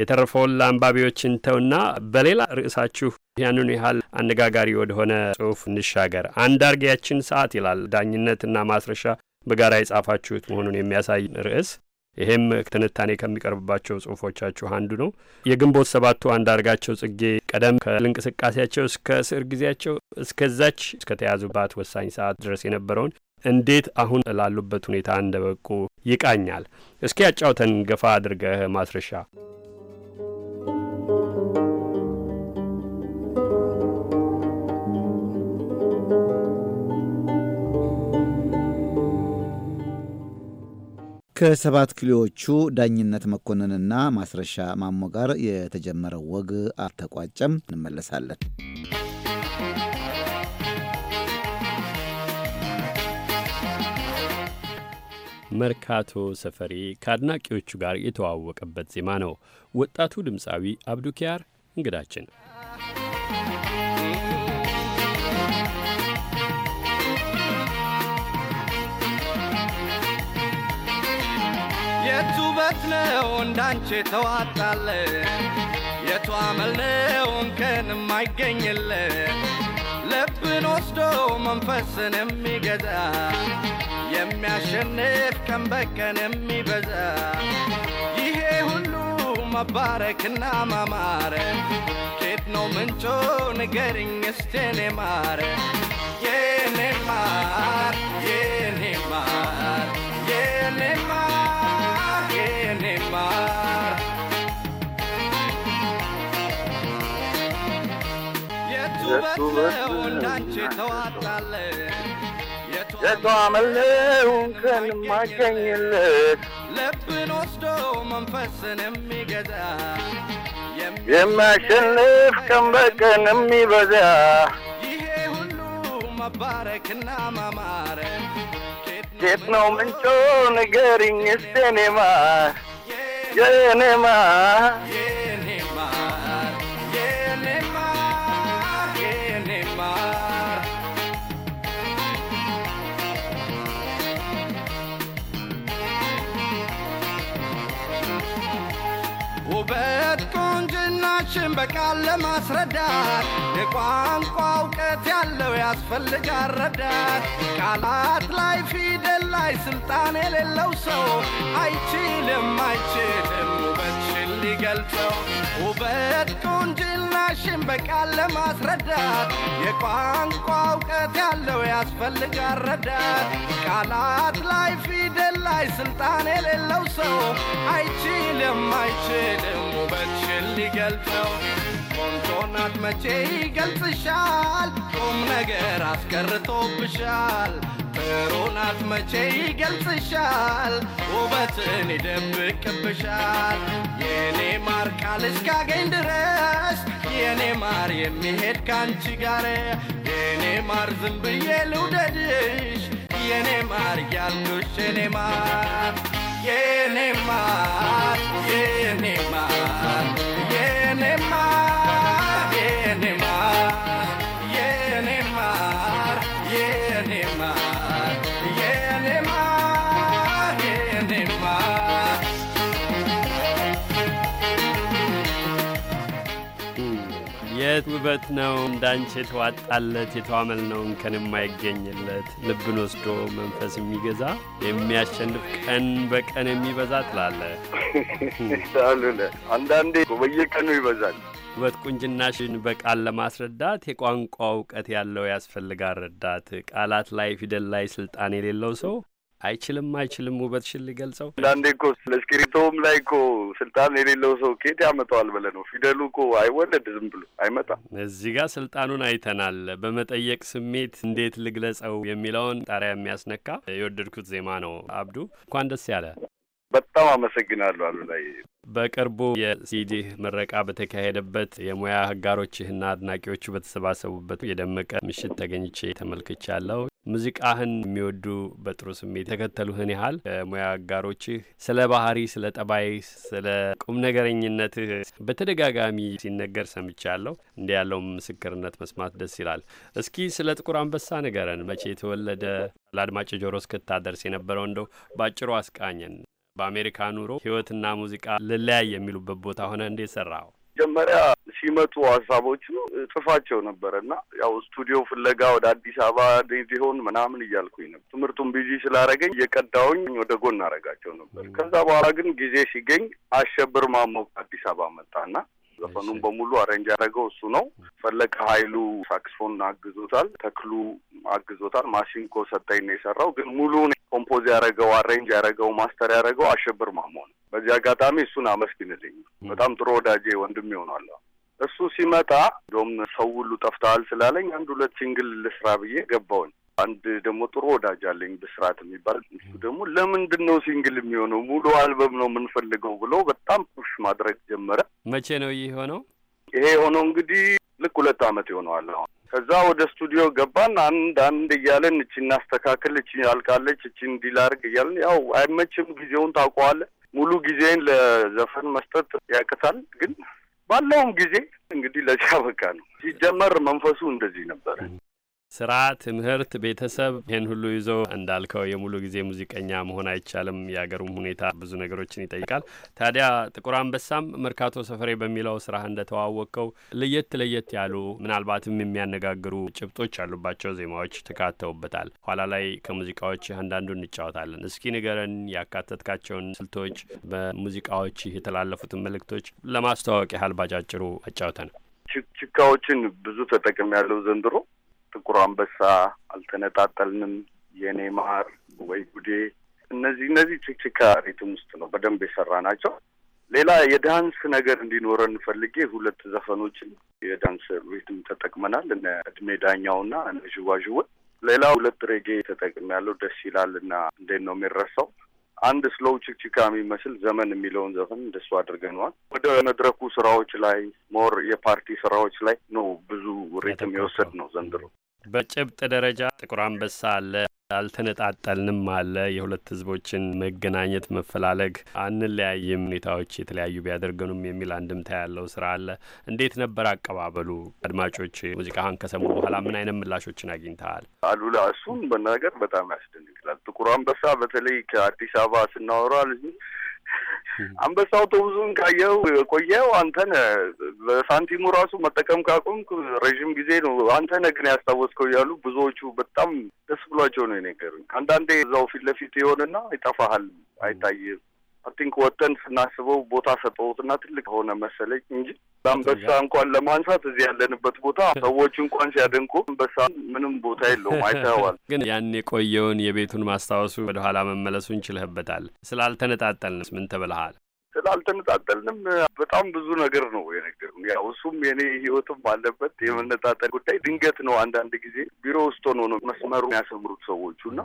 B: የተረፈውን ለአንባቢዎችን ተውና በሌላ ርዕሳችሁ ያንኑ ያህል አነጋጋሪ ወደሆነ ጽሁፍ እንሻገር። አንዳርጌያችን ሰዓት ይላል ዳኝነትና ማስረሻ በጋራ የጻፋችሁት መሆኑን የሚያሳይ ርዕስ ይህም ትንታኔ ከሚቀርብባቸው ጽሁፎቻችሁ አንዱ ነው። የግንቦት ሰባቱ አንዳርጋቸው ጽጌ ቀደም ከእንቅስቃሴያቸው እስከ ስዕር ጊዜያቸው እስከዛች እስከተያዙባት ወሳኝ ሰዓት ድረስ የነበረውን እንዴት አሁን ላሉበት ሁኔታ እንደበቁ ይቃኛል። እስኪ ያጫውተን ገፋ አድርገህ ማስረሻ
A: ከሰባት ክሊዎቹ ዳኝነት መኮንንና ማስረሻ ማሞ ጋር የተጀመረው ወግ አልተቋጨም። እንመለሳለን።
B: መርካቶ ሰፈሬ ከአድናቂዎቹ ጋር የተዋወቀበት ዜማ ነው። ወጣቱ ድምፃዊ አብዱኪያር እንግዳችን
H: ውበት ነው እንዳንቺ ተዋጣለ የቷ አመል ነው እንከን የማይገኝለ ልብን ወስዶ መንፈስን የሚገዛ የሚያሸንፍ ቀን በቀን የሚበዛ ይሄ ሁሉ መባረክና ማማረ ኬት ነው ምንጮ ንገርኝ እስቴኔ ማረ የኔ ማረ የተዋመለው እንከን የማገኝለት ልብን ወስዶ መንፈስን የሚገዛ የሚያሸንፍ
E: ቀን በቀን የሚበዛ
H: ይሄ ሁሉ መባረክና ማማረ
E: ጌት ነው ምንጮ ንገሪኝ እስቴኔማ የኔማ
H: ውበት ቁንጅናሽን በቃል ለማስረዳት የቋንቋ እውቀት ያለው ያስፈልግ ረዳት። ቃላት ላይ ፊደል ላይ ስልጣን የሌለው ሰው አይችልም አይችልም ውበትሽን ሊገልጸው። ውበት ቁንጅናሽን በቃል ለማስረዳት የቋንቋ እውቀት ያለው ያስፈልግ አረዳት ቃላት ላይ ፊደል ላይ ስልጣን የሌለው ሰው አይችልም አይችልም ውበትሽን ሊገልጸው። ቆንጆናት መቼ ይገልጽሻል? ቁም ነገር አስቀርቶብሻል። ጥሩ መቼ ይገልጽሻል፣ ውበትን ይደብቅብሻል። የኔ ማር ቃል እስካገኝ ድረስ የኔ ማር የሚሄድ ካንቺ ጋር የኔ ማር ዝም ብዬ ልውደድሽ የኔ ማር ያልኩሽ የኔ ማር የኔ ማር የኔ ማር
B: ውበት ነው እንዳንቺ የተዋጣለት የተዋመል ነው እንከን የማይገኝለት ልብን ወስዶ መንፈስ የሚገዛ የሚያሸንፍ ቀን በቀን የሚበዛ ትላለ
E: አሉለ አንዳንዴ በየቀኑ ይበዛል።
B: ውበት ቁንጅናሽን በቃል ለማስረዳት የቋንቋ እውቀት ያለው ያስፈልጋል ረዳት። ቃላት ላይ ፊደል ላይ ስልጣን የሌለው ሰው አይችልም አይችልም ውበትሽን ሊገልጸው አንዳንዴ
E: እኮ ለእስክሪቶም ላይ እኮ ስልጣን የሌለው ሰው ኬት ያመጣዋል ብለህ ነው። ፊደሉ እኮ አይወለድ ዝም ብሎ
B: አይመጣም። እዚህ ጋር ስልጣኑን አይተናል። በመጠየቅ ስሜት እንዴት ልግለጸው የሚለውን ጣሪያ የሚያስነካ የወደድኩት ዜማ ነው። አብዱ እንኳን ደስ ያለ።
E: በጣም አመሰግናለሁ አሉ ላይ
B: በቅርቡ የሲዲህ ምረቃ በተካሄደበት የሙያ ህጋሮችህና አድናቂዎቹ በተሰባሰቡበት የደመቀ ምሽት ተገኝቼ ተመልክቻለሁ። ሙዚቃህን የሚወዱ በጥሩ ስሜት የተከተሉህን ያህል ሙያ አጋሮችህ ስለ ባህሪ፣ ስለ ጠባይ፣ ስለ ቁም ነገረኝነትህ በተደጋጋሚ ሲነገር ሰምቻለሁ። እንዲ ያለውም ምስክርነት መስማት ደስ ይላል። እስኪ ስለ ጥቁር አንበሳ ንገረን። መቼ የተወለደ ለአድማጭ ጆሮ እስክታደርስ የነበረው እንደው በአጭሩ አስቃኘን። በአሜሪካ ኑሮ ህይወትና ሙዚቃ ልለያይ የሚሉበት ቦታ ሆነ እንዴት ሰራው?
E: መጀመሪያ ሲመጡ ሀሳቦቹ ጽፋቸው ነበረ እና ያው ስቱዲዮ ፍለጋ ወደ አዲስ አበባ ዴዚሆን ምናምን እያልኩኝ ነበር። ትምህርቱን ቢዚ ስላደረገኝ እየቀዳውኝ ወደ ጎን አደርጋቸው ነበር። ከዛ በኋላ ግን ጊዜ ሲገኝ አሸብር ማሞ አዲስ አበባ መጣና ዘፈኑን በሙሉ አረንጅ ያደረገው እሱ ነው። ፈለቀ ኃይሉ ሳክስፎን አግዞታል፣ ተክሉ አግዞታል። ማሲንኮ ሰጠኝ ነው የሰራው። ግን ሙሉውን ኮምፖዝ ያደረገው አረንጅ ያደረገው ማስተር ያደረገው አሸብር ማሞ ነው። በዚህ አጋጣሚ እሱን አመስግንልኝ። በጣም ጥሩ ወዳጄ ወንድም ይሆናል። እሱ ሲመጣ እንደውም ሰው ሁሉ ጠፍተሃል ስላለኝ አንድ ሁለት ሲንግል ልስራ ብዬ ገባውኝ። አንድ ደግሞ ጥሩ ወዳጅ አለኝ ብስራት የሚባል እሱ ደግሞ ለምንድን ነው ሲንግል የሚሆነው ሙሉ አልበም ነው የምንፈልገው ብሎ በጣም ፑሽ ማድረግ ጀመረ።
B: መቼ ነው ይህ የሆነው?
E: ይሄ የሆነው እንግዲህ ልክ ሁለት ዓመት ይሆነዋል። ከዛ ወደ ስቱዲዮ ገባን። አንድ አንድ እያለን እቺ እናስተካክል፣ እቺ አልቃለች፣ እቺ እንዲላርግ እያለን ያው አይመችም፣ ጊዜውን ታውቀዋለህ ሙሉ ጊዜን ለዘፈን መስጠት ያቅታል ግን ባለውም ጊዜ እንግዲህ ለዚያ በቃ ነው። ሲጀመር መንፈሱ እንደዚህ ነበር።
B: ስራ፣ ትምህርት፣ ቤተሰብ ይህን ሁሉ ይዞ እንዳልከው የሙሉ ጊዜ ሙዚቀኛ መሆን አይቻልም። የአገሩም ሁኔታ ብዙ ነገሮችን ይጠይቃል። ታዲያ ጥቁር አንበሳም መርካቶ ሰፈሬ በሚለው ስራ እንደተዋወቀው ለየት ለየት ያሉ ምናልባትም የሚያነጋግሩ ጭብጦች ያሉባቸው ዜማዎች ተካተውበታል። ኋላ ላይ ከሙዚቃዎች አንዳንዱ እንጫወታለን። እስኪ ንገረን ያካተትካቸውን ስልቶች፣ በሙዚቃዎች የተላለፉትን መልእክቶች ለማስተዋወቅ ያህል ባጫጭሩ አጫውተን።
E: ችካዎችን ብዙ ያለው ዘንድሮ ጥቁር አንበሳ፣ አልተነጣጠልንም፣ የኔ ማር፣ ወይ ጉዴ እነዚህ እነዚህ ችክችካ ሪትም ውስጥ ነው በደንብ የሰራ ናቸው። ሌላ የዳንስ ነገር እንዲኖረን ፈልጌ ሁለት ዘፈኖችን የዳንስ ሪትም ተጠቅመናል። እነ እድሜ ዳኛውና እነ ዥዋዥውን ሌላ ሁለት ሬጌ ተጠቅሜያለሁ። ደስ ይላል እና እንዴት ነው የሚረሳው አንድ ስሎው ችክችካ የሚመስል ዘመን የሚለውን ዘፈን እንደሱ አድርገነዋል። ወደ መድረኩ ስራዎች ላይ ሞር የፓርቲ ስራዎች ላይ ነው ብዙ ሪትም የወሰድ ነው ዘንድሮ።
B: በጭብጥ ደረጃ ጥቁር አንበሳ አለ፣ አልተነጣጠልንም አለ። የሁለት ህዝቦችን መገናኘት መፈላለግ፣ አንለያይም ሁኔታዎች የተለያዩ ቢያደርገኑም የሚል አንድምታ ያለው ስራ አለ። እንዴት ነበር አቀባበሉ? አድማጮች ሙዚቃህን ከሰሙ በኋላ ምን አይነት ምላሾችን አግኝተሃል? አሉላ፣
E: እሱን በናገር በጣም ያስደንግላል። ጥቁር አንበሳ በተለይ ከአዲስ አበባ ስናወራ አንበሳ አውቶቡሱን ካየው የቆየው አንተነ በሳንቲሙ ራሱ መጠቀም ካቆምክ ረዥም ጊዜ ነው። አንተነ ግን ያስታወስከው እያሉ ብዙዎቹ በጣም ደስ ብሏቸው ነው የነገሩኝ። አንዳንዴ እዛው ፊት ለፊት ይሆንና ይጠፋሃል፣ አይታይም አንክ ወጠን ወጥተን ስናስበው ቦታ እና ትልቅ ሆነ መሰለኝ እንጂ አንበሳ እንኳን ለማንሳት እዚህ ያለንበት ቦታ ሰዎች እንኳን ሲያደንቁ አንበሳ ምንም ቦታ የለውም። አይተዋል።
B: ግን ያን የቆየውን የቤቱን ማስታወሱ ወደኋላ መመለሱ እንችልህበታል። ስላልተነጣጠል ምን ተብልሃል?
E: ስላልተነጣጠልንም በጣም ብዙ ነገር ነው የነገሩ። ያው እሱም የኔ ህይወትም አለበት የመነጣጠል ጉዳይ። ድንገት ነው አንዳንድ ጊዜ ቢሮ ውስጥ ሆኖ ነው መስመሩ የሚያሰምሩት ሰዎቹ እና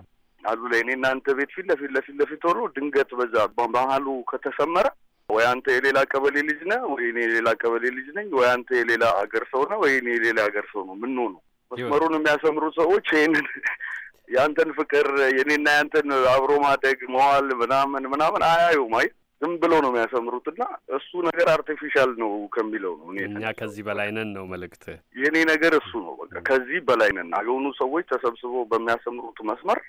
E: አሉ ላይ እኔ እናንተ ቤት ፊት ለፊት ለፊት ለፊት ሆኖ ድንገት በዛ ባህሉ ከተሰመረ ወይ አንተ የሌላ ቀበሌ ልጅ ነህ፣ ወይ እኔ የሌላ ቀበሌ ልጅ ነኝ፣ ወይ አንተ የሌላ ሀገር ሰው ነህ፣ ወይ እኔ የሌላ ሀገር ሰው ነው። ምን ነው መስመሩን የሚያሰምሩ ሰዎች ይህንን የአንተን ፍቅር የኔና ያንተን አብሮ ማደግ መዋል ምናምን ምናምን አያዩም። አይ ዝም ብሎ ነው የሚያሰምሩት የሚያሰምሩትና እሱ ነገር አርቲፊሻል ነው ከሚለው ነው። እኛ
B: ከዚህ በላይ ነን ነው መልእክት።
E: የእኔ ነገር እሱ ነው። በቃ ከዚህ በላይ ነን አገውኑ ሰዎች ተሰብስበው በሚያሰምሩት መስመር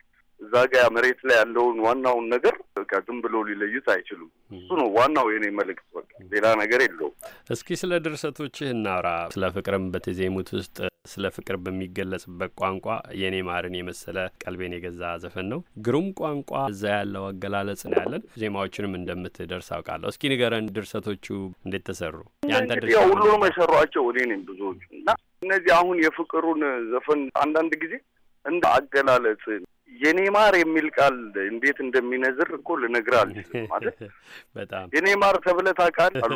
E: እዛ ጋ መሬት ላይ ያለውን ዋናውን ነገር በቃ ዝም ብሎ ሊለዩት አይችሉም። እሱ ነው ዋናው የኔ መልእክት፣ በቃ ሌላ ነገር የለውም።
B: እስኪ ስለ ድርሰቶችህ እናውራ። ስለ ፍቅርም በተዜሙት ውስጥ ስለ ፍቅር በሚገለጽበት ቋንቋ የኔ ማርን የመሰለ ቀልቤን የገዛ ዘፈን ነው። ግሩም ቋንቋ እዛ ያለው አገላለጽ ነው ያለን። ዜማዎችንም እንደምትደርስ አውቃለሁ። እስኪ ንገረን ድርሰቶቹ እንዴት ተሰሩ? ያንተ ሁሉንም
E: የሰሯቸው እኔ ነኝ ብዙዎቹ እና እነዚህ አሁን የፍቅሩን ዘፈን አንዳንድ ጊዜ እንደ አገላለጽ የኔማር የሚል ቃል እንዴት እንደሚነዝር እኮ ልነግር አልችልም። ማለት በጣም የኔማር ተብለህ ታውቃለህ አሉ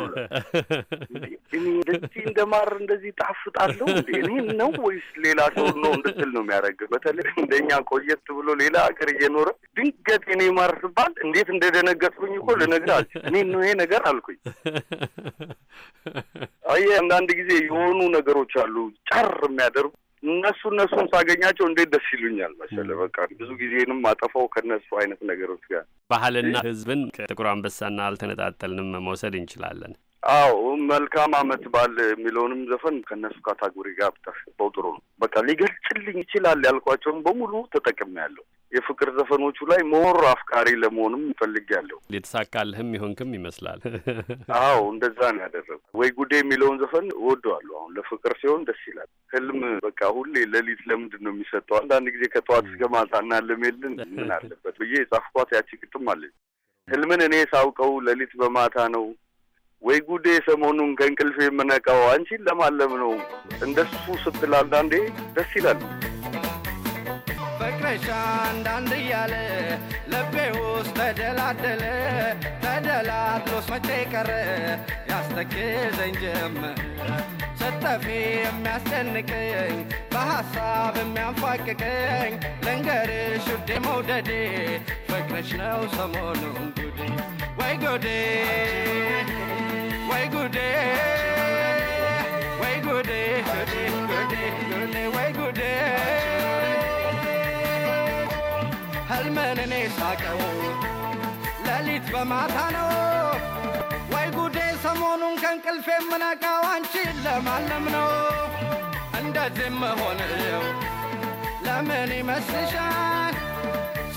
E: እንደዚህ እንደ ማር እንደዚህ ጣፍጣለሁ እኔ ነው ወይስ ሌላ ሰው ነው እንድትል ነው የሚያደርግህ። በተለይ እንደኛ ቆየት ብሎ ሌላ ሀገር እየኖረ ድንገት የኔማር ስባል እንዴት እንደደነገጥኩኝ እኮ ልነግር አልችልም። እኔ ነው ይሄ ነገር አልኩኝ። አየህ አንዳንድ ጊዜ የሆኑ ነገሮች አሉ ጨር የሚያደርጉ እነሱ እነሱን ሳገኛቸው እንዴት ደስ ይሉኛል መሰለህ። በቃ ብዙ ጊዜንም ማጠፋው ከነሱ አይነት ነገሮች ጋር
B: ባህልና ህዝብን ከጥቁር አንበሳና አልተነጣጠልንም መውሰድ እንችላለን።
E: አዎ መልካም አመት በዓል የሚለውንም ዘፈን ከእነሱ ካታጎሪ ጋር ብታስገባው ጥሩ ነው። በቃ ሊገልጽልኝ ይችላል ያልኳቸውን በሙሉ ተጠቅሜያለሁ። የፍቅር ዘፈኖቹ ላይ ሞር አፍቃሪ ለመሆንም እፈልጋለሁ።
B: የተሳካልህም ይሆንክም ይመስላል።
E: አዎ እንደዛ ነው ያደረጉ። ወይ ጉዴ የሚለውን ዘፈን እወደዋለሁ። አሁን ለፍቅር ሲሆን ደስ ይላል። ህልም በቃ ሁሌ ሌሊት ለምንድን ነው የሚሰጠው? አንዳንድ ጊዜ ከጠዋት እስከ ማታ እናልሜልን ምን አለበት ብዬ የጻፍኳት ያቺ ግጥም አለች። ህልምን እኔ ሳውቀው ሌሊት በማታ ነው ወይ ጉዴ ሰሞኑን ከእንቅልፍ የምነቃው አንቺን ለማለም ነው። እንደሱ ስትል አንዳንዴ ደስ ይላል።
H: ፍቅረሻ አንዳንድ እያለ ልቤ ውስጥ ተደላደለ ተደላድሎስ መቼ ቀረ ያስተክዘኝ ጀመር ስጠፊ የሚያስጨንቀኝ በሐሳብ የሚያንፏቅቀኝ ልንገርሽ ውዴ መውደዴ ፍቅረሽ ነው
I: ሰሞኑን ጉዴ
H: ወይ ጉዴ ወይ ጉዴ ወይ ጉዴ ወይ ጉዴ ህልሜን እኔ ሳቀው ሌሊት በማታ ነው ወይ ጉዴ! ሰሞኑን ከእንቅልፌ የምነቃው አንቺን ለማለም ነው። እንደዚህም መሆንው ለምን ይመስልሻል?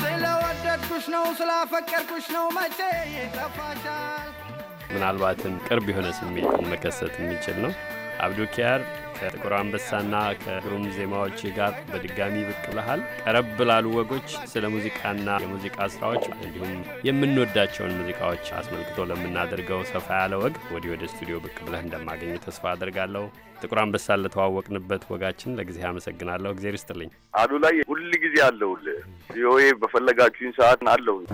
H: ስለወደድኩሽ ነው ስላፈቀርኩሽ ነው መቼ ይጠፋሻል?
B: ምናልባትም ቅርብ የሆነ ስሜትን መከሰት የሚችል ነው። አብዱኪያር ከጥቁር አንበሳና ከግሩም ዜማዎች ጋር በድጋሚ ብቅ ብለሃል። ቀረብ ብላሉ ወጎች ስለ ሙዚቃና የሙዚቃ ስራዎች እንዲሁም የምንወዳቸውን ሙዚቃዎች አስመልክቶ ለምናደርገው ሰፋ ያለ ወግ ወዲህ ወደ ስቱዲዮ ብቅ ብለህ እንደማገኘ ተስፋ አድርጋለሁ። ጥቁር አንበሳ ለተዋወቅንበት ወጋችን ለጊዜ አመሰግናለሁ። እግዜር ይስጥልኝ። አሉ ላይ ሁል ጊዜ አለሁልህ። ቪኦኤ በፈለጋችሁኝ ሰዓት አለሁኝ።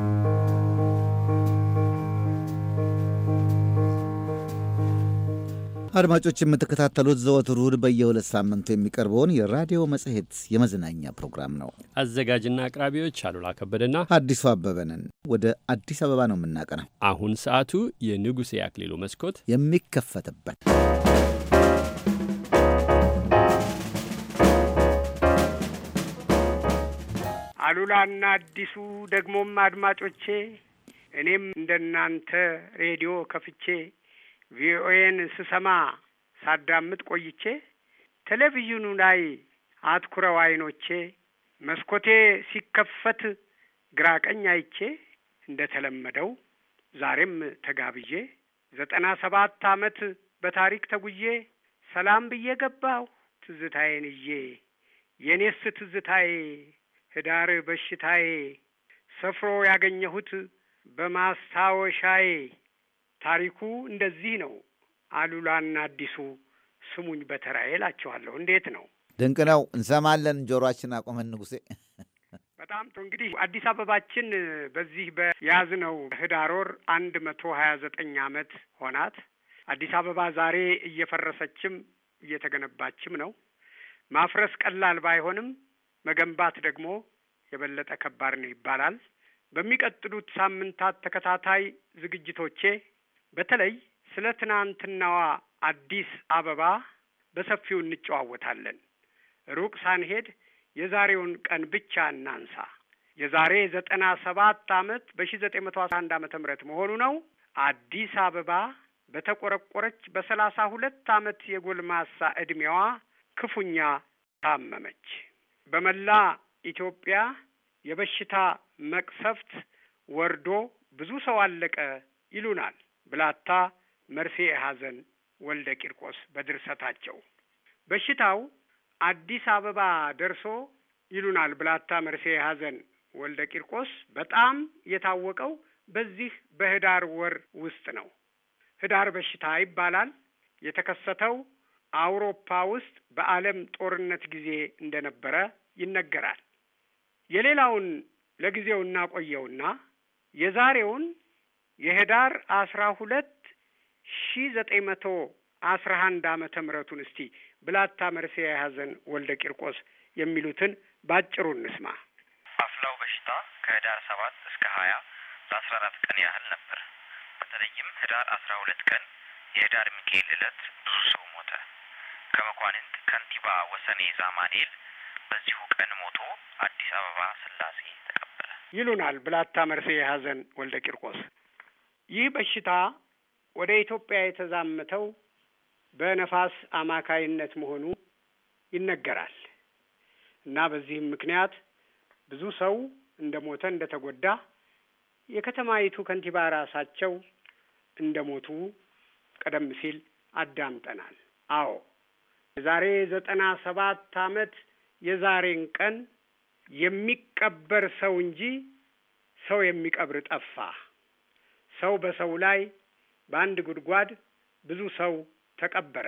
A: አድማጮች የምትከታተሉት ዘወትር እሁድ በየሁለት ሳምንቱ የሚቀርበውን የራዲዮ መጽሔት የመዝናኛ ፕሮግራም ነው። አዘጋጅና አቅራቢዎች አሉላ ከበደና አዲሱ አበበንን። ወደ አዲስ አበባ ነው የምናቀነው።
B: አሁን ሰዓቱ የንጉሴ አክሊሉ መስኮት
A: የሚከፈትበት
I: አሉላና አዲሱ ደግሞም አድማጮቼ እኔም እንደናንተ ሬዲዮ ከፍቼ ቪኦኤን ስሰማ ሳዳምጥ ቆይቼ ቴሌቪዥኑ ላይ አትኩረው አይኖቼ መስኮቴ ሲከፈት ግራ ቀኝ አይቼ እንደ ተለመደው ዛሬም ተጋብዤ ዘጠና ሰባት አመት በታሪክ ተጉዬ ሰላም ብዬ ገባሁ ትዝታዬን እዬ የኔስ ትዝታዬ ህዳር በሽታዬ ሰፍሮ ያገኘሁት በማስታወሻዬ ታሪኩ እንደዚህ ነው። አሉላና አዲሱ ስሙኝ በተራዬ እላቸዋለሁ። እንዴት ነው?
A: ድንቅ ነው። እንሰማለን። ጆሮአችን አቆመን ንጉሴ።
I: በጣም ጥሩ እንግዲህ አዲስ አበባችን በዚህ በያዝነው ህዳር ወር አንድ መቶ ሀያ ዘጠኝ አመት ሆናት። አዲስ አበባ ዛሬ እየፈረሰችም እየተገነባችም ነው። ማፍረስ ቀላል ባይሆንም መገንባት ደግሞ የበለጠ ከባድ ነው ይባላል። በሚቀጥሉት ሳምንታት ተከታታይ ዝግጅቶቼ በተለይ ስለ ትናንትናዋ አዲስ አበባ በሰፊው እንጨዋወታለን። ሩቅ ሳንሄድ የዛሬውን ቀን ብቻ እናንሳ። የዛሬ ዘጠና ሰባት ዓመት በሺ ዘጠኝ መቶ አስራ አንድ አመተ ምህረት መሆኑ ነው። አዲስ አበባ በተቆረቆረች በሰላሳ ሁለት አመት የጎልማሳ ዕድሜዋ ክፉኛ ታመመች። በመላ ኢትዮጵያ የበሽታ መቅሰፍት ወርዶ ብዙ ሰው አለቀ ይሉናል። ብላታ መርሴ ሐዘን ወልደ ቂርቆስ በድርሰታቸው በሽታው አዲስ አበባ ደርሶ ይሉናል። ብላታ መርሴ ሐዘን ወልደ ቂርቆስ በጣም የታወቀው በዚህ በህዳር ወር ውስጥ ነው። ህዳር በሽታ ይባላል። የተከሰተው አውሮፓ ውስጥ በዓለም ጦርነት ጊዜ እንደነበረ ይነገራል። የሌላውን ለጊዜው እናቆየውና የዛሬውን የህዳር አስራ ሁለት ሺ ዘጠኝ መቶ አስራ አንድ ዓመተ ምህረቱን እስቲ ብላታ መርሴ የያዘን ወልደ ቂርቆስ የሚሉትን ባጭሩ እንስማ።
J: አፍላው በሽታ ከህዳር ሰባት እስከ ሀያ ለአስራ አራት ቀን ያህል ነበር። በተለይም ህዳር አስራ ሁለት ቀን የህዳር ሚካኤል ዕለት ብዙ ሰው ሞተ። ከመኳንንት ከንቲባ ወሰኔ ዛማኔል በዚሁ ቀን ሞቶ አዲስ አበባ ስላሴ ተቀበረ
I: ይሉናል ብላታ መርሴ የሀዘን ወልደ ቂርቆስ። ይህ በሽታ ወደ ኢትዮጵያ የተዛመተው በነፋስ አማካይነት መሆኑ ይነገራል እና በዚህም ምክንያት ብዙ ሰው እንደ ሞተ እንደ ተጎዳ የከተማይቱ ከንቲባ ራሳቸው እንደ ሞቱ ቀደም ሲል አዳምጠናል። አዎ የዛሬ ዘጠና ሰባት ዓመት የዛሬን ቀን የሚቀበር ሰው እንጂ ሰው የሚቀብር ጠፋ። ሰው በሰው ላይ በአንድ ጉድጓድ ብዙ ሰው ተቀበረ።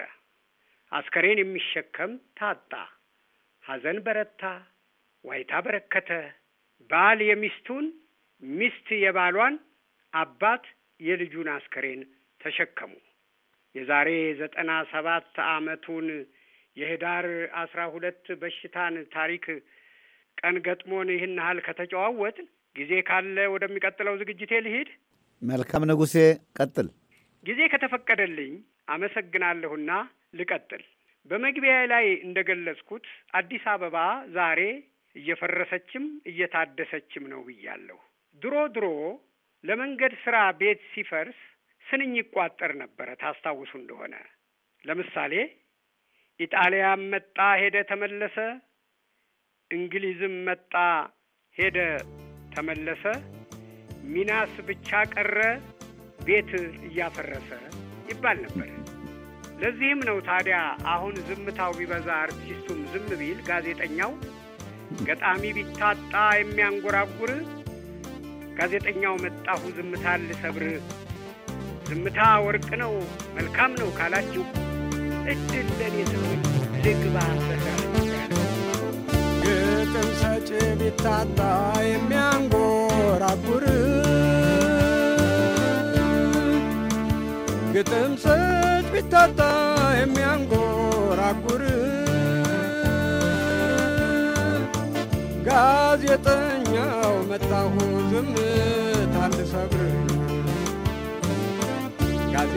I: አስከሬን የሚሸከም ታጣ። ሐዘን በረታ፣ ዋይታ በረከተ። ባል የሚስቱን፣ ሚስት የባሏን፣ አባት የልጁን አስከሬን ተሸከሙ። የዛሬ ዘጠና ሰባት ዓመቱን የህዳር አስራ ሁለት በሽታን ታሪክ ቀን ገጥሞን ይህን ያህል ከተጨዋወጥን ጊዜ ካለ ወደሚቀጥለው ዝግጅቴ ልሂድ።
A: መልካም ንጉሴ ቀጥል።
I: ጊዜ ከተፈቀደልኝ አመሰግናለሁና ልቀጥል። በመግቢያ ላይ እንደገለጽኩት አዲስ አበባ ዛሬ እየፈረሰችም እየታደሰችም ነው ብያለሁ። ድሮ ድሮ ለመንገድ ስራ ቤት ሲፈርስ ስንኝ ይቋጠር ነበረ። ታስታውሱ እንደሆነ ለምሳሌ ኢጣሊያም መጣ ሄደ ተመለሰ፣ እንግሊዝም መጣ ሄደ ተመለሰ ሚናስ ብቻ ቀረ ቤት እያፈረሰ ይባል ነበር። ለዚህም ነው ታዲያ አሁን ዝምታው ቢበዛ አርቲስቱም ዝም ቢል፣ ጋዜጠኛው ገጣሚ ቢታጣ የሚያንጎራጉር ጋዜጠኛው መጣሁ ዝምታን ልሰብር፣ ዝምታ ወርቅ ነው መልካም ነው ካላችሁ እድል ለኔ ሰዎች ልግባ ግጥም ሰጪ ቢታጣ
K: የሚያ ሲታጣ የሚያንጎራጉር ጋዜጠኛው መጣሁ ዝምታ ልሰብር ጋዜጠኛው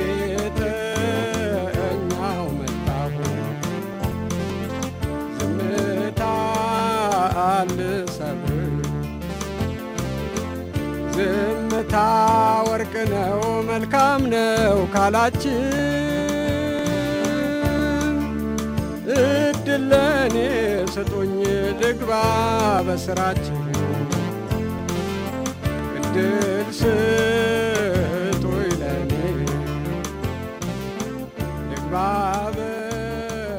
K: መጣሁ ዝምታ ልሰብር ዝምታ ወርቅ ነው መልካም ነው ካላችን እድል ለእኔ ስጡኝ ልግባ በስራችን እድል ስጡኝ
I: ለእኔ ልግባ በስራችን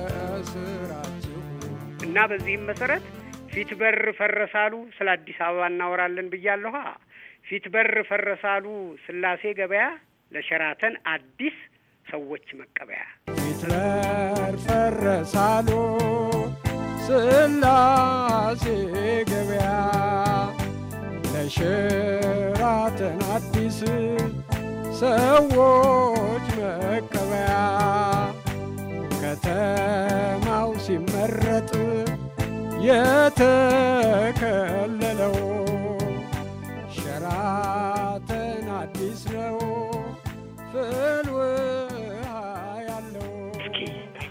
I: እና በዚህም መሰረት ፊት በር ፈረሳሉ ስለ አዲስ አበባ እናወራለን ብያለኋ። ፊት በር ፈረሳሉ ስላሴ ገበያ ለሸራተን አዲስ ሰዎች መቀበያ
K: ሂትለር ፈረሳሉ ስላሴ ገበያ ለሸራተን አዲስ ሰዎች መቀበያ ከተማው ሲመረጥ የተከለለው ሸራተን አዲስ ነው
I: ፍልው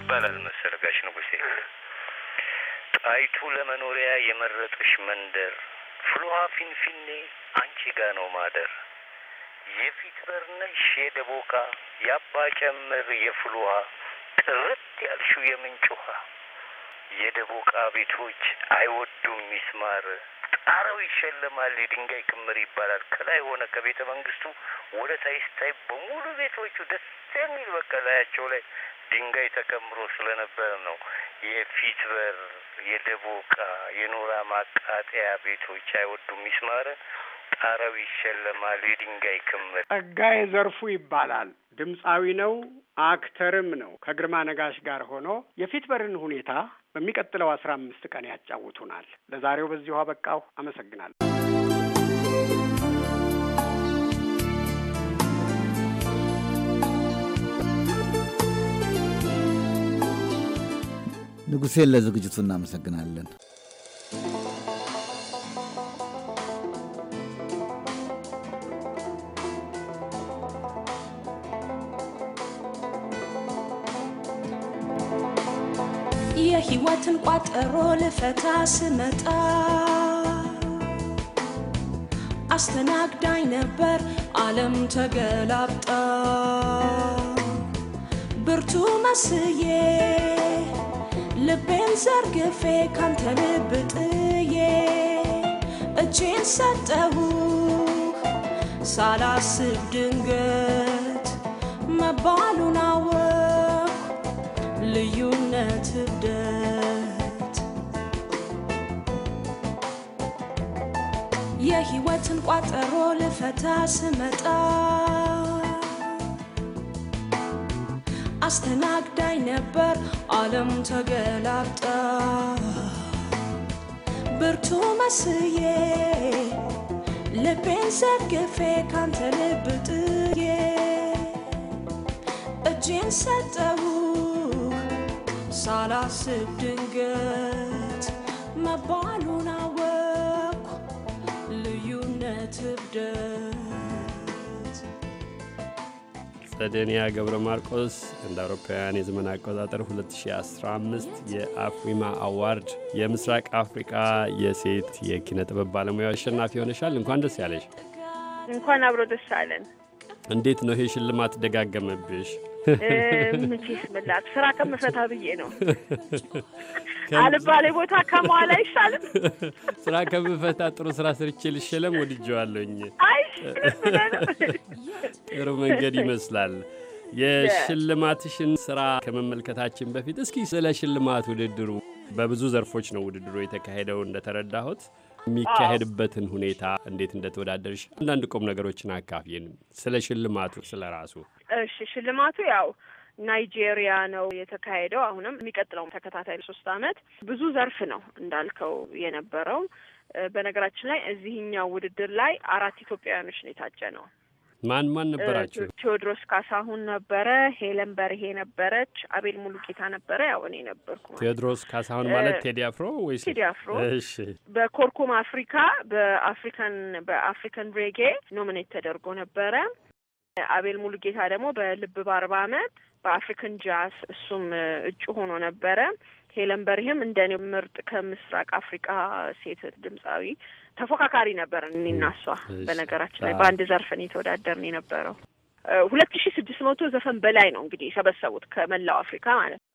E: ይባላል መሰለ
C: ጋሽ ንጉሴ። ጣይቱ ለመኖሪያ የመረጥሽ መንደር ፍልውሃ ፊንፊኔ አንቺ ጋ ነው ማደር የፊት በርነሽ
E: የደቦካ ያባ ጨምር የፍልውሃ ጥርት ያልሹ የምንጩሃ የደቦቃ ቤቶች አይወዱም ሚስማር ጣረው ይሸለማል የድንጋይ ክምር ይባላል። ከላይ ሆነ ከቤተ መንግስቱ ወደ ታይስታይ በሙሉ ቤቶቹ ደስ የሚል በቃ ላያቸው ላይ ድንጋይ ተከምሮ ስለነበረ ነው። የፊት በር፣ የደቦቃ፣ የኖራ ማቃጠያ ቤቶች አይወዱም ይስማረ ጣራው ይሸለማል። የድንጋይ ክምር ጸጋዬ
I: ዘርፉ ይባላል። ድምፃዊ ነው፣ አክተርም ነው። ከግርማ ነጋሽ ጋር ሆኖ የፊት በርን ሁኔታ በሚቀጥለው አስራ አምስት ቀን ያጫውቱናል። ለዛሬው በዚሁ አበቃሁ።
C: አመሰግናለሁ።
A: ንጉሴን ለዝግጅቱ እናመሰግናለን።
L: የህይወትን ቋጠሮ ልፈታ ስመጣ አስተናግዳኝ ነበር ዓለም ተገላብጣ ብርቱ መስዬ ልቤን ዘርግፌ ካንተ ልብ ጥዬ እጄን ሰጠሁ ሳላስብ ድንገት መባሉን አወቅሁ ልዩነት እብደት የህይወትን ቋጠሮ ልፈታ ስመጣ አስተናግ ነበር ዓለም ተገላጣ ብርቱ መስዬ ልቤን ዘርግፌ ካንተ ልብ ጥዬ እጄን ሰጠው ሳላስብ ድንገት መባሉን አወቅኩ ልዩነት እብደት
B: ጸደንያ ገብረ ማርቆስ እንደ አውሮፓውያን የዘመን አቆጣጠር 2015 የአፍሪማ አዋርድ የምስራቅ አፍሪቃ የሴት የኪነ ጥበብ ባለሙያ አሸናፊ ሆነሻል። እንኳን ደስ ያለሽ።
J: እንኳን አብሮ ደስ አለን።
B: እንዴት ነው ይሄ ሽልማት ደጋገመብሽ?
J: ምንስ ምላት ስራ ከምፈታ ብዬ ነው።
B: አልባሌ
J: ቦታ ከመዋል አይሻልም?
B: ስራ ከምፈታ ጥሩ ስራ ስርቼ ልሸለም ወድጀዋለኝ። ጥሩ መንገድ ይመስላል። የሽልማትሽን ስራ ከመመልከታችን በፊት እስኪ ስለ ሽልማት ውድድሩ በብዙ ዘርፎች ነው ውድድሩ የተካሄደው እንደተረዳሁት የሚካሄድበትን ሁኔታ እንዴት እንደተወዳደርሽ አንዳንድ ቁም ነገሮችን አካፍየን ስለ ሽልማቱ
J: ስለ ራሱ እሺ ሽልማቱ ያው ናይጄሪያ ነው የተካሄደው አሁንም የሚቀጥለው ተከታታይ ሶስት አመት ብዙ ዘርፍ ነው እንዳልከው የነበረው በነገራችን ላይ እዚህኛው ውድድር ላይ አራት ኢትዮጵያውያኖች ነው የታጨ ነው።
B: ማን ማን ነበራቸው?
J: ቴዎድሮስ ካሳሁን ነበረ፣ ሄለን በርሄ ነበረች፣ አቤል ሙሉጌታ ነበረ፣ ያው እኔ ነበርኩ።
B: ቴዎድሮስ ካሳሁን ማለት ቴዲ አፍሮ ወይስ? ቴዲ አፍሮ። እሺ።
J: በኮርኩም አፍሪካ በአፍሪካን በአፍሪካን ሬጌ ኖሚኔት ተደርጎ ነበረ። አቤል ሙሉጌታ ደግሞ በልብ በአርባ አመት በአፍሪካን ጃዝ እሱም እጩ ሆኖ ነበረ። ሄለን በርሄም እንደኔ ምርጥ ከምስራቅ አፍሪካ ሴት ድምፃዊ ተፎካካሪ ነበር። እኔና እሷ በነገራችን ላይ በአንድ ዘርፍ እኔ የነበረው ሁለት ሺ ስድስት መቶ ዘፈን በላይ ነው እንግዲህ የሰበሰቡት ከመላው አፍሪካ ማለት ነው።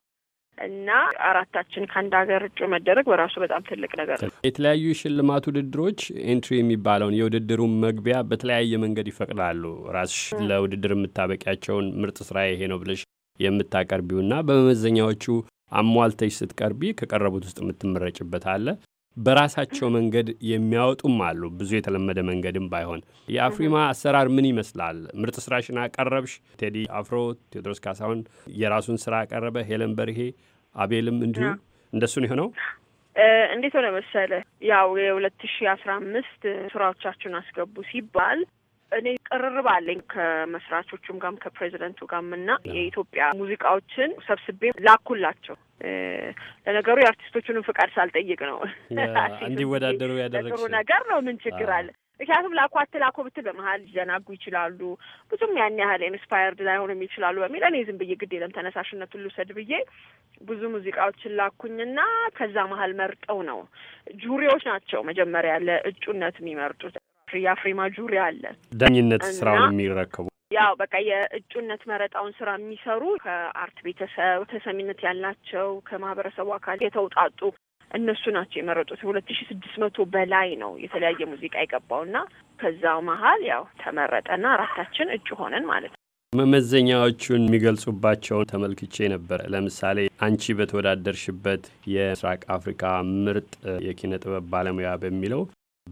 J: እና አራታችን ከአንድ ሀገር እጩ መደረግ በራሱ በጣም ትልቅ ነገር ነው።
B: የተለያዩ የሽልማት ውድድሮች ኤንትሪ የሚባለውን የውድድሩን መግቢያ በተለያየ መንገድ ይፈቅዳሉ። ራስሽ ለውድድር የምታበቂያቸውን ምርጥ ስራ ይሄ ነው ብለሽ የምታቀርቢውና በመመዘኛዎቹ አሟልተሽ ስትቀርቢ ከቀረቡት ውስጥ የምትመረጭበት አለ። በራሳቸው መንገድ የሚያወጡም አሉ። ብዙ የተለመደ መንገድም ባይሆን የአፍሪማ አሰራር ምን ይመስላል? ምርጥ ስራሽን አቀረብሽ። ቴዲ አፍሮ፣ ቴዎድሮስ ካሳሁን የራሱን ስራ አቀረበ። ሄለን በርሄ፣ አቤልም እንዲሁ እንደሱን የሆነው
J: እንዴት ሆነ መሰለ ያው የሁለት ሺ አስራ አምስት ስራዎቻችሁን አስገቡ ሲባል እኔ ቅርርብ አለኝ ከመስራቾቹም ጋም ከፕሬዚደንቱ ጋም እና የኢትዮጵያ ሙዚቃዎችን ሰብስቤ ላኩላቸው። ለነገሩ የአርቲስቶቹንም ፍቃድ ሳልጠይቅ ነው እንዲወዳደሩ
B: ያደረግ ጥሩ ነገር
J: ነው። ምን ችግር አለ? ምክንያቱም ላኩ አትላኩ ብትል በመሀል ሊዘናጉ ይችላሉ። ብዙም ያን ያህል ኢንስፓየርድ ላይሆኑም ይችላሉ በሚል እኔ ዝም ብዬ ግድ የለም ተነሳሽነቱን ልውሰድ ብዬ ብዙ ሙዚቃዎችን ላኩኝና ከዛ መሀል መርጠው ነው ጁሪዎች ናቸው መጀመሪያ ለእጩነት የሚመርጡት። ክሪያፍሬ ማጁሪ አለ
B: ዳኝነት ስራውን የሚረከቡ
J: ያው በቃ የእጩነት መረጣውን ስራ የሚሰሩ ከአርት ቤተሰብ ተሰሚነት ያላቸው ከማህበረሰቡ አካል የተውጣጡ እነሱ ናቸው የመረጡት። ሁለት ሺ ስድስት መቶ በላይ ነው የተለያየ ሙዚቃ የገባውና ከዛው መሀል ያው ተመረጠና አራታችን እጩ ሆነን ማለት ነው።
B: መመዘኛዎቹን የሚገልጹባቸውን ተመልክቼ ነበር። ለምሳሌ አንቺ በተወዳደርሽበት የምስራቅ አፍሪካ ምርጥ የኪነ ጥበብ ባለሙያ በሚለው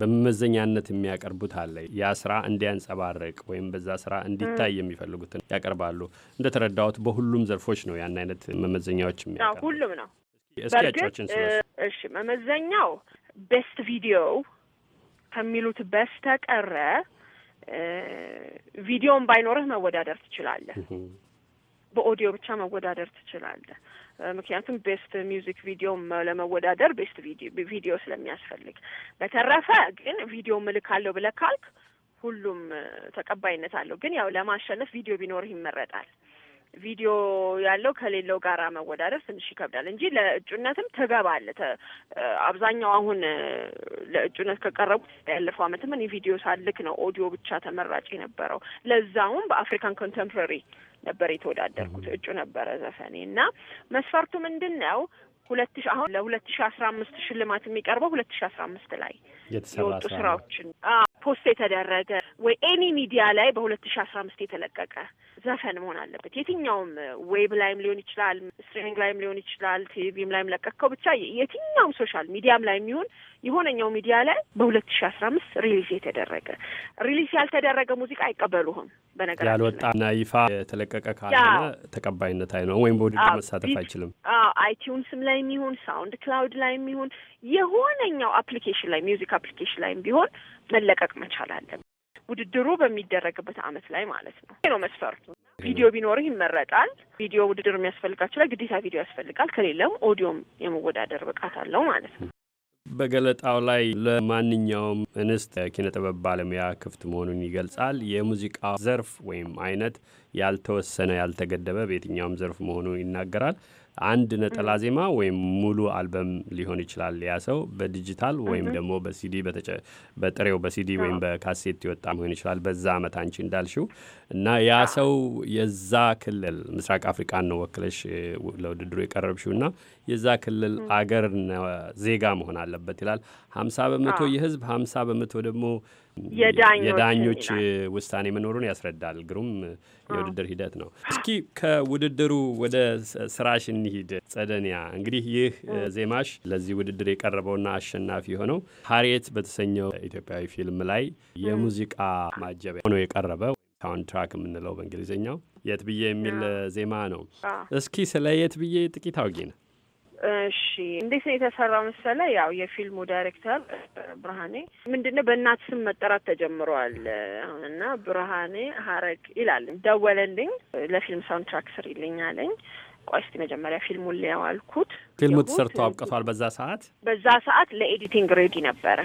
B: በመመዘኛነት የሚያቀርቡት አለ። ያ ስራ እንዲያንጸባረቅ ወይም በዛ ስራ እንዲታይ የሚፈልጉትን ያቀርባሉ። እንደተረዳሁት በሁሉም ዘርፎች ነው ያን አይነት መመዘኛዎች የሚያቀርቡ። ሁሉም ነው። እስኪ
J: እሺ፣ መመዘኛው ቤስት ቪዲዮ ከሚሉት በስተቀረ ቪዲዮን ባይኖርህ መወዳደር ትችላለህ። በኦዲዮ ብቻ መወዳደር ትችላለህ። ምክንያቱም ቤስት ሚውዚክ ቪዲዮ ለመወዳደር ቤስት ቪዲዮ ስለሚያስፈልግ። በተረፈ ግን ቪዲዮ ምልክ አለው ብለህ ካልክ ሁሉም ተቀባይነት አለው። ግን ያው ለማሸነፍ ቪዲዮ ቢኖርህ ይመረጣል። ቪዲዮ ያለው ከሌለው ጋራ መወዳደር ትንሽ ይከብዳል እንጂ ለእጩነትም ትገባለህ። አብዛኛው አሁን ለእጩነት ከቀረቡት ያለፈው ዓመትም እኔ ቪዲዮ ሳልክ ነው ኦዲዮ ብቻ ተመራጭ የነበረው። ለዛውም በአፍሪካን ኮንቴምፖራሪ ነበር የተወዳደርኩት። እጩ ነበረ ዘፈኔ እና መስፈርቱ ምንድን ነው? ሁለት ሺ አሁን ለሁለት ሺ አስራ አምስት ሽልማት የሚቀርበው ሁለት ሺ አስራ አምስት ላይ የወጡ ስራዎችን ፖስት የተደረገ ወይ ኤኒ ሚዲያ ላይ በሁለት ሺ አስራ አምስት የተለቀቀ ዘፈን መሆን አለበት። የትኛውም ዌብ ላይም ሊሆን ይችላል፣ ስትሪሚንግ ላይም ሊሆን ይችላል፣ ቲቪም ላይም ለቀቅከው ብቻ የትኛውም ሶሻል ሚዲያም ላይ የሚሆን የሆነኛው ሚዲያ ላይ በሁለት ሺ አስራ አምስት ሪሊዝ የተደረገ ሪሊዝ ያልተደረገ ሙዚቃ አይቀበሉህም። በነገራችን ያልወጣና
B: ይፋ የተለቀቀ ካለ ተቀባይነት አይ ነው ወይም በውድድር መሳተፍ አይችልም።
J: አይቲዩንስም ላይ የሚሆን ሳውንድ ክላውድ ላይ የሚሆን የሆነኛው አፕሊኬሽን ላይ ሚውዚክ አፕሊኬሽን ላይም ቢሆን መለቀቅ መቻል አለ። ውድድሩ በሚደረግበት አመት ላይ ማለት ነው ነው መስፈርቱ። ቪዲዮ ቢኖርህ ይመረጣል። ቪዲዮ ውድድር የሚያስፈልጋቸው ላይ ግዴታ ቪዲዮ ያስፈልጋል። ከሌለም ኦዲዮም የመወዳደር ብቃት አለው ማለት ነው።
B: በገለጣው ላይ ለማንኛውም እንስት ኪነ ጥበብ ባለሙያ ክፍት መሆኑን ይገልጻል። የሙዚቃ ዘርፍ ወይም አይነት ያልተወሰነ ያልተገደበ በየትኛውም ዘርፍ መሆኑ ይናገራል። አንድ ነጠላ ዜማ ወይም ሙሉ አልበም ሊሆን ይችላል። ያ ሰው በዲጂታል ወይም ደግሞ በሲዲ በጥሬው በሲዲ ወይም በካሴት የወጣ መሆን ይችላል። በዛ አመት አንቺ እንዳልሽው እና ያ ሰው የዛ ክልል ምስራቅ አፍሪካን ነው ወክለሽ ለውድድሩ የቀረብሽው እና የዛ ክልል አገር ዜጋ መሆን አለበት ይላል። ሀምሳ በመቶ የህዝብ ሀምሳ በመቶ ደግሞ የዳኞች ውሳኔ መኖሩን ያስረዳል። ግሩም የውድድር ሂደት ነው። እስኪ ከውድድሩ ወደ ስራሽ እንሂድ። ጸደንያ፣ እንግዲህ ይህ ዜማሽ ለዚህ ውድድር የቀረበውና አሸናፊ የሆነው ሀሬት በተሰኘው ኢትዮጵያዊ ፊልም ላይ የሙዚቃ ማጀቢያ ሆኖ የቀረበ ሳውንድ ትራክ የምንለው በእንግሊዝኛው የት ብዬ የሚል ዜማ ነው። እስኪ ስለ የት ብዬ ጥቂት አውጊ ነው
J: እሺ እንዴት ነው የተሰራው መሰለ ያው የፊልሙ ዳይሬክተር ብርሃኔ ነው በእናት ስም መጠራት ተጀምረዋል አሁን እና ብርሃኔ ሀረግ ይላል ደወለልኝ ለፊልም ሳውንትራክ ስሪልኝ አለኝ ቆይ እስቲ መጀመሪያ ፊልሙን ሊያው አልኩት
B: ፊልሙ ተሰርቶ አብቅቷል በዛ ሰዓት
J: በዛ ሰዓት ለኤዲቲንግ ሬዲ ነበረ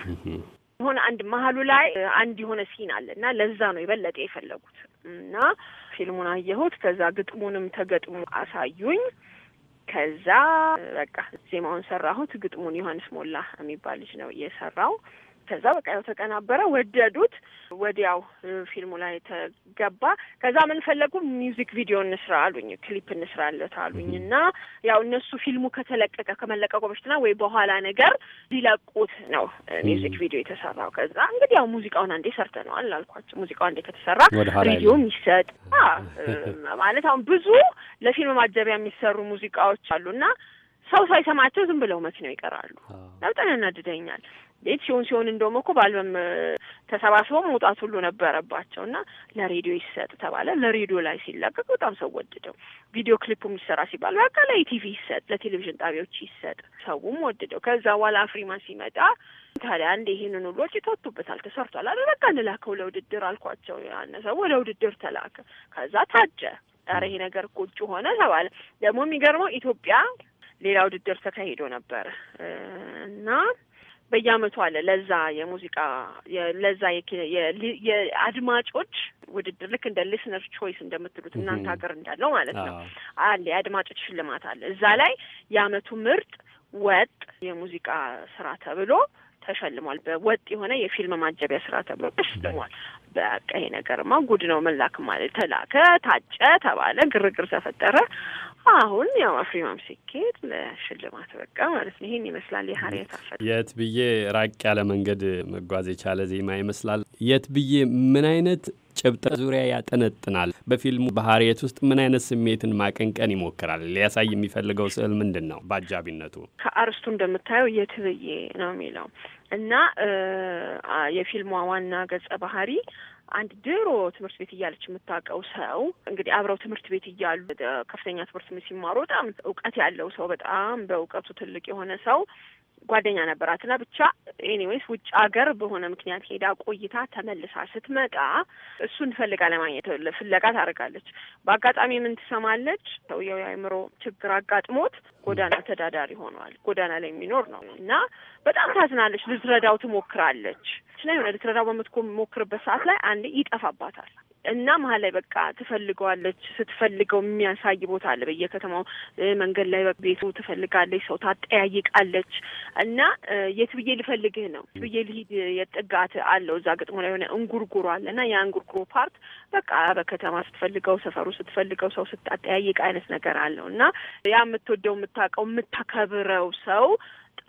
J: የሆነ አንድ መሀሉ ላይ አንድ የሆነ ሲን አለ እና ለዛ ነው የበለጠ የፈለጉት እና ፊልሙን አየሁት ከዛ ግጥሙንም ተገጥሞ አሳዩኝ ከዛ በቃ ዜማውን ሰራሁት። ግጥሙን ዮሐንስ ሞላ የሚባል ልጅ ነው የሰራው። ከዛ በቃ ያው ተቀናበረ፣ ወደዱት። ወዲያው ፊልሙ ላይ ተገባ። ከዛ ምን ፈለጉ? ሚውዚክ ቪዲዮ እንስራ አሉኝ፣ ክሊፕ እንስራለት አሉኝ። እና ያው እነሱ ፊልሙ ከተለቀቀ ከመለቀቁ በፊትና ወይ በኋላ ነገር ሊለቁት ነው ሚውዚክ ቪዲዮ የተሰራው። ከዛ እንግዲህ ያው ሙዚቃውን አንዴ ሰርተነዋል አልኳቸው። ሙዚቃው አንዴ ከተሰራ ሬዲዮ ይሰጥ ማለት አሁን ብዙ ለፊልም ማጀቢያ የሚሰሩ ሙዚቃዎች አሉና ሰው ሳይሰማቸው ዝም ብለው መኪናው ይቀራሉ። በጣም ያናድደኛል። ቤት ሲሆን ሲሆን እንደውም እኮ በአልበም ተሰባስቦ መውጣት ሁሉ ነበረባቸው እና ለሬዲዮ ይሰጥ ተባለ። ለሬዲዮ ላይ ሲለቀቅ በጣም ሰው ወደደው። ቪዲዮ ክሊፑም ይሰራ ሲባል በቃ ላይ ቲቪ ይሰጥ፣ ለቴሌቪዥን ጣቢያዎች ይሰጥ፣ ሰውም ወደደው። ከዛ በኋላ አፍሪማ ሲመጣ ታዲያ አንድ ይህንን ሁሉ ወጪ ተወጥቶበታል፣ ተሰርቷል አለ። በቃ እንላከው ለውድድር አልኳቸው። ያነ ሰው ወደ ውድድር ተላከ። ከዛ ታጀ። ኧረ ይሄ ነገር ቁጭ ሆነ ተባለ። ደግሞ የሚገርመው ኢትዮጵያ ሌላ ውድድር ተካሂዶ ነበር እና በየአመቱ አለ ለዛ የሙዚቃ ለዛ የአድማጮች ውድድር ልክ እንደ ሊስነር ቾይስ እንደምትሉት እናንተ ሀገር እንዳለው ማለት ነው አለ የአድማጮች ሽልማት አለ። እዛ ላይ የአመቱ ምርጥ ወጥ የሙዚቃ ስራ ተብሎ ተሸልሟል። በወጥ የሆነ የፊልም ማጀቢያ ስራ ተብሎ ተሸልሟል። በቃ ይሄ ነገርማ ጉድ ነው። መላክ ማለት ተላከ፣ ታጨ፣ ተባለ፣ ግርግር ተፈጠረ። አሁን ያው አፍሪማም ሲኬድ ለሽልማት በቃ ማለት ነው። ይህን ይመስላል የሀርየት አፈ
B: የት ብዬ ራቅ ያለ መንገድ መጓዝ የቻለ ዜማ ይመስላል። የት ብዬ ምን አይነት ጭብጥ ዙሪያ ያጠነጥናል? በፊልሙ በሀርየት ውስጥ ምን አይነት ስሜትን ማቀንቀን ይሞክራል? ሊያሳይ የሚፈልገው ስዕል ምንድን ነው? በአጃቢነቱ
J: ከአርስቱ እንደምታየው የት ብዬ ነው የሚለው እና የፊልሟ ዋና ገጸ ባህሪ አንድ ድሮ ትምህርት ቤት እያለች የምታውቀው ሰው እንግዲህ አብረው ትምህርት ቤት እያሉ ከፍተኛ ትምህርት ሲማሩ በጣም እውቀት ያለው ሰው በጣም በእውቀቱ ትልቅ የሆነ ሰው ጓደኛ ነበራት እና ብቻ ኤኒዌይስ ውጭ ሀገር በሆነ ምክንያት ሄዳ ቆይታ ተመልሳ ስትመጣ እሱን ፈልጋ ለማግኘት ፍለጋ ታደርጋለች። በአጋጣሚ ምን ትሰማለች? ሰውየው የአእምሮ ችግር አጋጥሞት ጎዳና ተዳዳሪ ሆኗል። ጎዳና ላይ የሚኖር ነው እና በጣም ታዝናለች። ልትረዳው ትሞክራለች ችላ የሆነ ልትረዳው በምትሞክርበት ሰዓት ላይ አንዴ ይጠፋባታል። እና መሀል ላይ በቃ ትፈልገዋለች። ስትፈልገው የሚያሳይ ቦታ አለ በየከተማው መንገድ ላይ ቤቱ ትፈልጋለች፣ ሰው ታጠያይቃለች። እና የት ብዬ ልፈልግህ ነው ብዬ ልሂድ የጥጋት አለው እዛ ግጥሞ ላይ የሆነ እንጉርጉሮ አለ እና ያ እንጉርጉሮ ፓርት በቃ በከተማ ስትፈልገው፣ ሰፈሩ ስትፈልገው፣ ሰው ስታጠያይቅ አይነት ነገር አለው እና ያ የምትወደው የምታውቀው የምታከብረው ሰው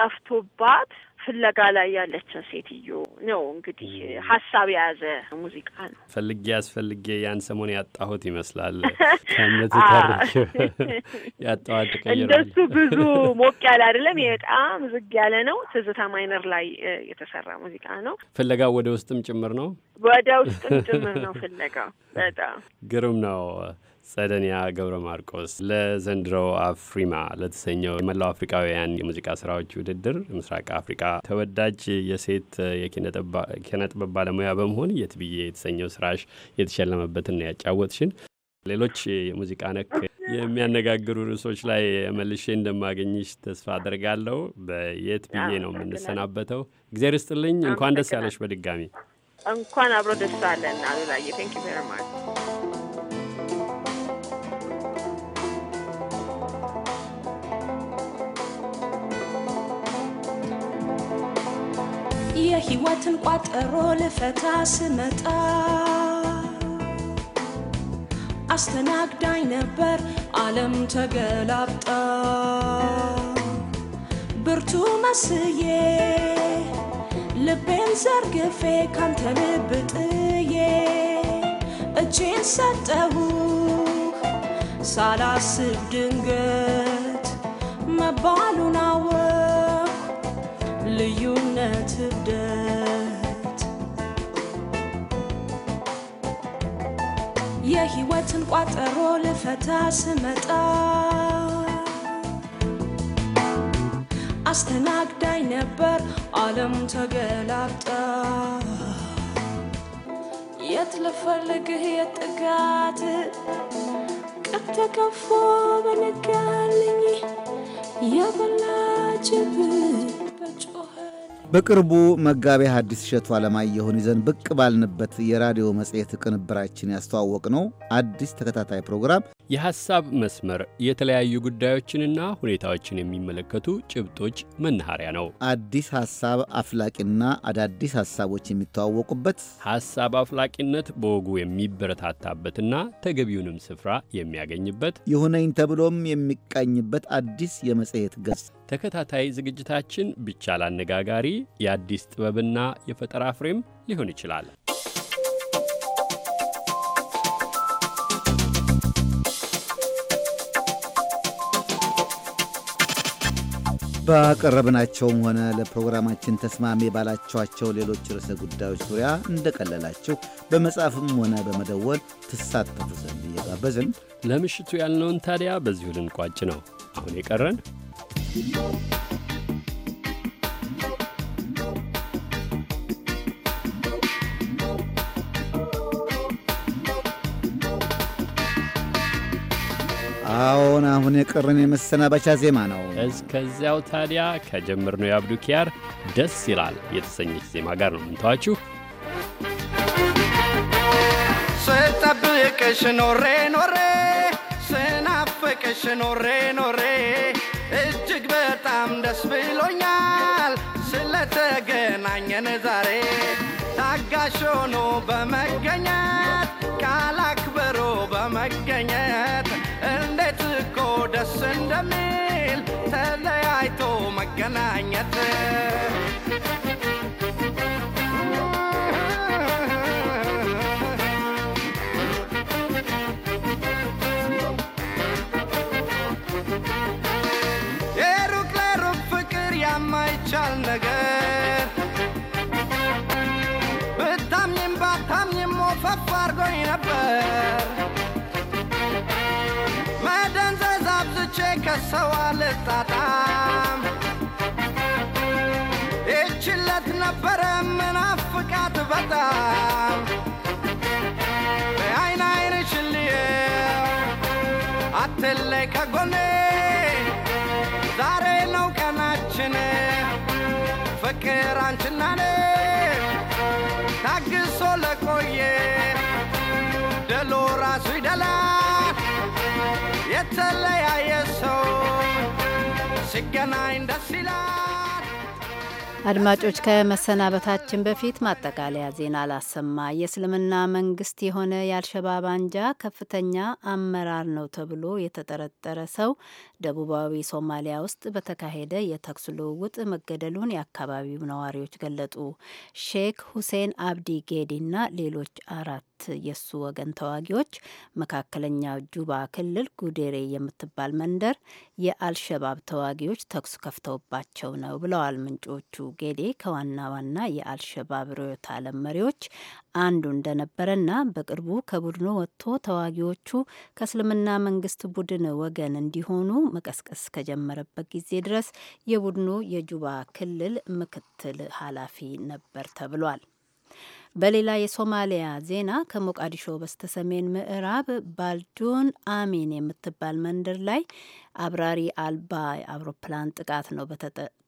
J: ጠፍቶባት ፍለጋ ላይ ያለችን ሴትዮ ነው። እንግዲህ ሀሳብ የያዘ ሙዚቃ ነው።
B: ፈልጌ ያስፈልጌ ያን ሰሞን ያጣሁት ይመስላል ከነት ያጣዋት ተቀይሯል። እንደሱ ብዙ
J: ሞቅ ያለ አይደለም፣ በጣም ዝግ ያለ ነው። ትዝታ ማይነር ላይ የተሰራ ሙዚቃ ነው።
B: ፍለጋ ወደ ውስጥም ጭምር ነው፣
J: ወደ ውስጥም ጭምር ነው ፍለጋ። በጣም
B: ግሩም ነው። ጸደንያ ገብረ ማርቆስ ለዘንድሮ አፍሪማ ለተሰኘው የመላው አፍሪካውያን የሙዚቃ ስራዎች ውድድር ምስራቅ አፍሪካ ተወዳጅ የሴት የኪነ ባለሙያ በመሆን የትብዬ የተሰኘው ስራሽ የተሸለመበትን ያጫወትሽን ሌሎች የሙዚቃ ነክ የሚያነጋግሩ ርዕሶች ላይ መልሼ እንደማገኝሽ ተስፋ አድርጋለው በየት ብዬ ነው የምንሰናበተው። እግዚአብሔር ስጥልኝ። እንኳን ደስ ያለሽ በድጋሚ
J: እንኳን አብሮ ደስ አለን አሉላየ ቴንክ ዩ ቬሪ ማች
L: የህይወትን ቋጠሮ ልፈታ ስመጣ አስተናግዳኝ ነበር ዓለም ተገላብጣ ብርቱ መስዬ ልቤን ዘርግፌ ካንተ ልብ ጥዬ እጄን ሰጠሁ ሳላስብ ድንገት መባሉን አወ ልዩነት እብደት የህይወትን ቋጠሮ ልፈታ ስመጣ አስተናግዳኝ ነበር ዓለም ተገላብጣ። የት ልፈልግህ የጥጋት ቀር ተከፎ በነጋልኝ የበላችብኝ
A: በቅርቡ መጋቤ ሐዲስ እሸቱ ዓለማየሁን ይዘን ብቅ ባልንበት የራዲዮ መጽሔት ቅንብራችን ያስተዋወቅ ነው አዲስ ተከታታይ ፕሮግራም
B: የሐሳብ መስመር የተለያዩ ጉዳዮችንና ሁኔታዎችን የሚመለከቱ
A: ጭብጦች መናኸሪያ ነው። አዲስ ሐሳብ አፍላቂና አዳዲስ ሐሳቦች የሚተዋወቁበት
B: ሐሳብ አፍላቂነት በወጉ የሚበረታታበትና ተገቢውንም ስፍራ የሚያገኝበት
A: የሆነኝ ተብሎም የሚቃኝበት አዲስ የመጽሔት ገጽ
B: ተከታታይ ዝግጅታችን ብቻ አነጋጋሪ የአዲስ ጥበብና የፈጠራ ፍሬም ሊሆን ይችላል።
A: ባቀረብናቸውም ሆነ ለፕሮግራማችን ተስማሚ ባላችኋቸው ሌሎች ርዕሰ ጉዳዮች ዙሪያ እንደቀለላችሁ በመጻፍም ሆነ በመደወል ትሳተፉ ዘንድ
B: እየጋበዝን ለምሽቱ ያልነውን ታዲያ በዚሁ ልንቋጭ ነው። አሁን የቀረን
A: አሁን አሁን የቀረን የመሰናበቻ ዜማ ነው። እስከዚያው
B: ታዲያ ከጀመርነው የአብዱ ኪያር ደስ ይላል የተሰኘች ዜማ ጋር ነው ምንታዋችሁ።
H: ስጠብቅሽ ኖሬ ኖሬ ስናፍቅሽ ኖሬ ኖሬ ደስ ብሎኛል ስለተገናኘን ዛሬ ታጋሽ ሆኖ በመገኘት ቃል አክብሮ በመገኘት እንዴት እኮ ደስ እንደሚል ተለያይቶ መገናኘት ሰው አልጣጣም ይችለት ነበረ ምናፍቃት በጣም አይን አይን ሽልዬ አትለይ ከጎኔ ዛሬ ነው ቀናችን ፍቅር አንችና ታግሶ ለቆየ ደሎ ራሱ ይደላል የተለያየ ሰው ሲገናኝ ደስ ይላል።
F: አድማጮች ከመሰናበታችን በፊት ማጠቃለያ ዜና አላሰማ። የእስልምና መንግስት የሆነ የአልሸባብ አንጃ ከፍተኛ አመራር ነው ተብሎ የተጠረጠረ ሰው ደቡባዊ ሶማሊያ ውስጥ በተካሄደ የተኩስ ልውውጥ መገደሉን የአካባቢው ነዋሪዎች ገለጡ። ሼክ ሁሴን አብዲ ጌዲና ሌሎች አራት የሱ ወገን ተዋጊዎች መካከለኛው ጁባ ክልል ጉዴሬ የምትባል መንደር የአልሸባብ ተዋጊዎች ተኩስ ከፍተውባቸው ነው ብለዋል ምንጮቹ። ጌዴ ከዋና ዋና የአልሸባብ ርዕዮተ ዓለም መሪዎች አንዱ እንደነበረና በቅርቡ ከቡድኑ ወጥቶ ተዋጊዎቹ ከእስልምና መንግስት ቡድን ወገን እንዲሆኑ መቀስቀስ ከጀመረበት ጊዜ ድረስ የቡድኑ የጁባ ክልል ምክትል ኃላፊ ነበር ተብሏል። በሌላ የሶማሊያ ዜና ከሞቃዲሾ በስተሰሜን ምዕራብ ባልዱን አሚን የምትባል መንደር ላይ አብራሪ አልባ አውሮፕላን ጥቃት ነው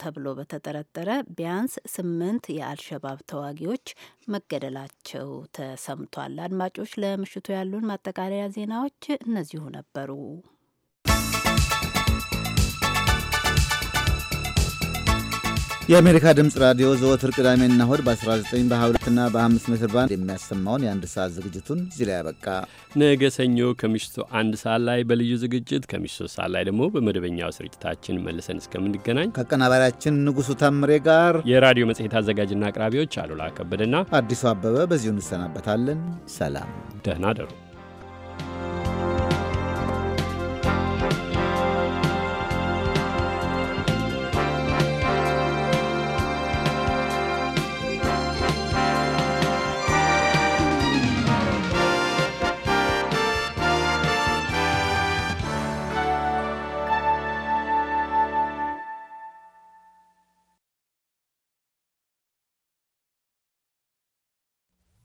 F: ተብሎ በተጠረጠረ ቢያንስ ስምንት የአልሸባብ ተዋጊዎች መገደላቸው ተሰምቷል። አድማጮች፣ ለምሽቱ ያሉን ማጠቃለያ ዜናዎች እነዚሁ ነበሩ።
A: የአሜሪካ ድምፅ ራዲዮ ዘወትር ቅዳሜና እሁድ በ19 በ22ና በ5 ሜትር ባንድ የሚያሰማውን የአንድ ሰዓት ዝግጅቱን እዚህ ላይ ያበቃ።
B: ነገ ሰኞ ከምሽቱ አንድ ሰዓት ላይ በልዩ ዝግጅት ከምሽቱ ሶስት ሰዓት ላይ ደግሞ በመደበኛው ስርጭታችን መልሰን እስከምንገናኝ
A: ከአቀናባሪያችን ንጉሱ ታምሬ ጋር የራዲዮ መጽሔት አዘጋጅና አቅራቢዎች አሉላ ከበደና አዲሱ አበበ በዚሁ እንሰናበታለን። ሰላም፣ ደህና ደሩ።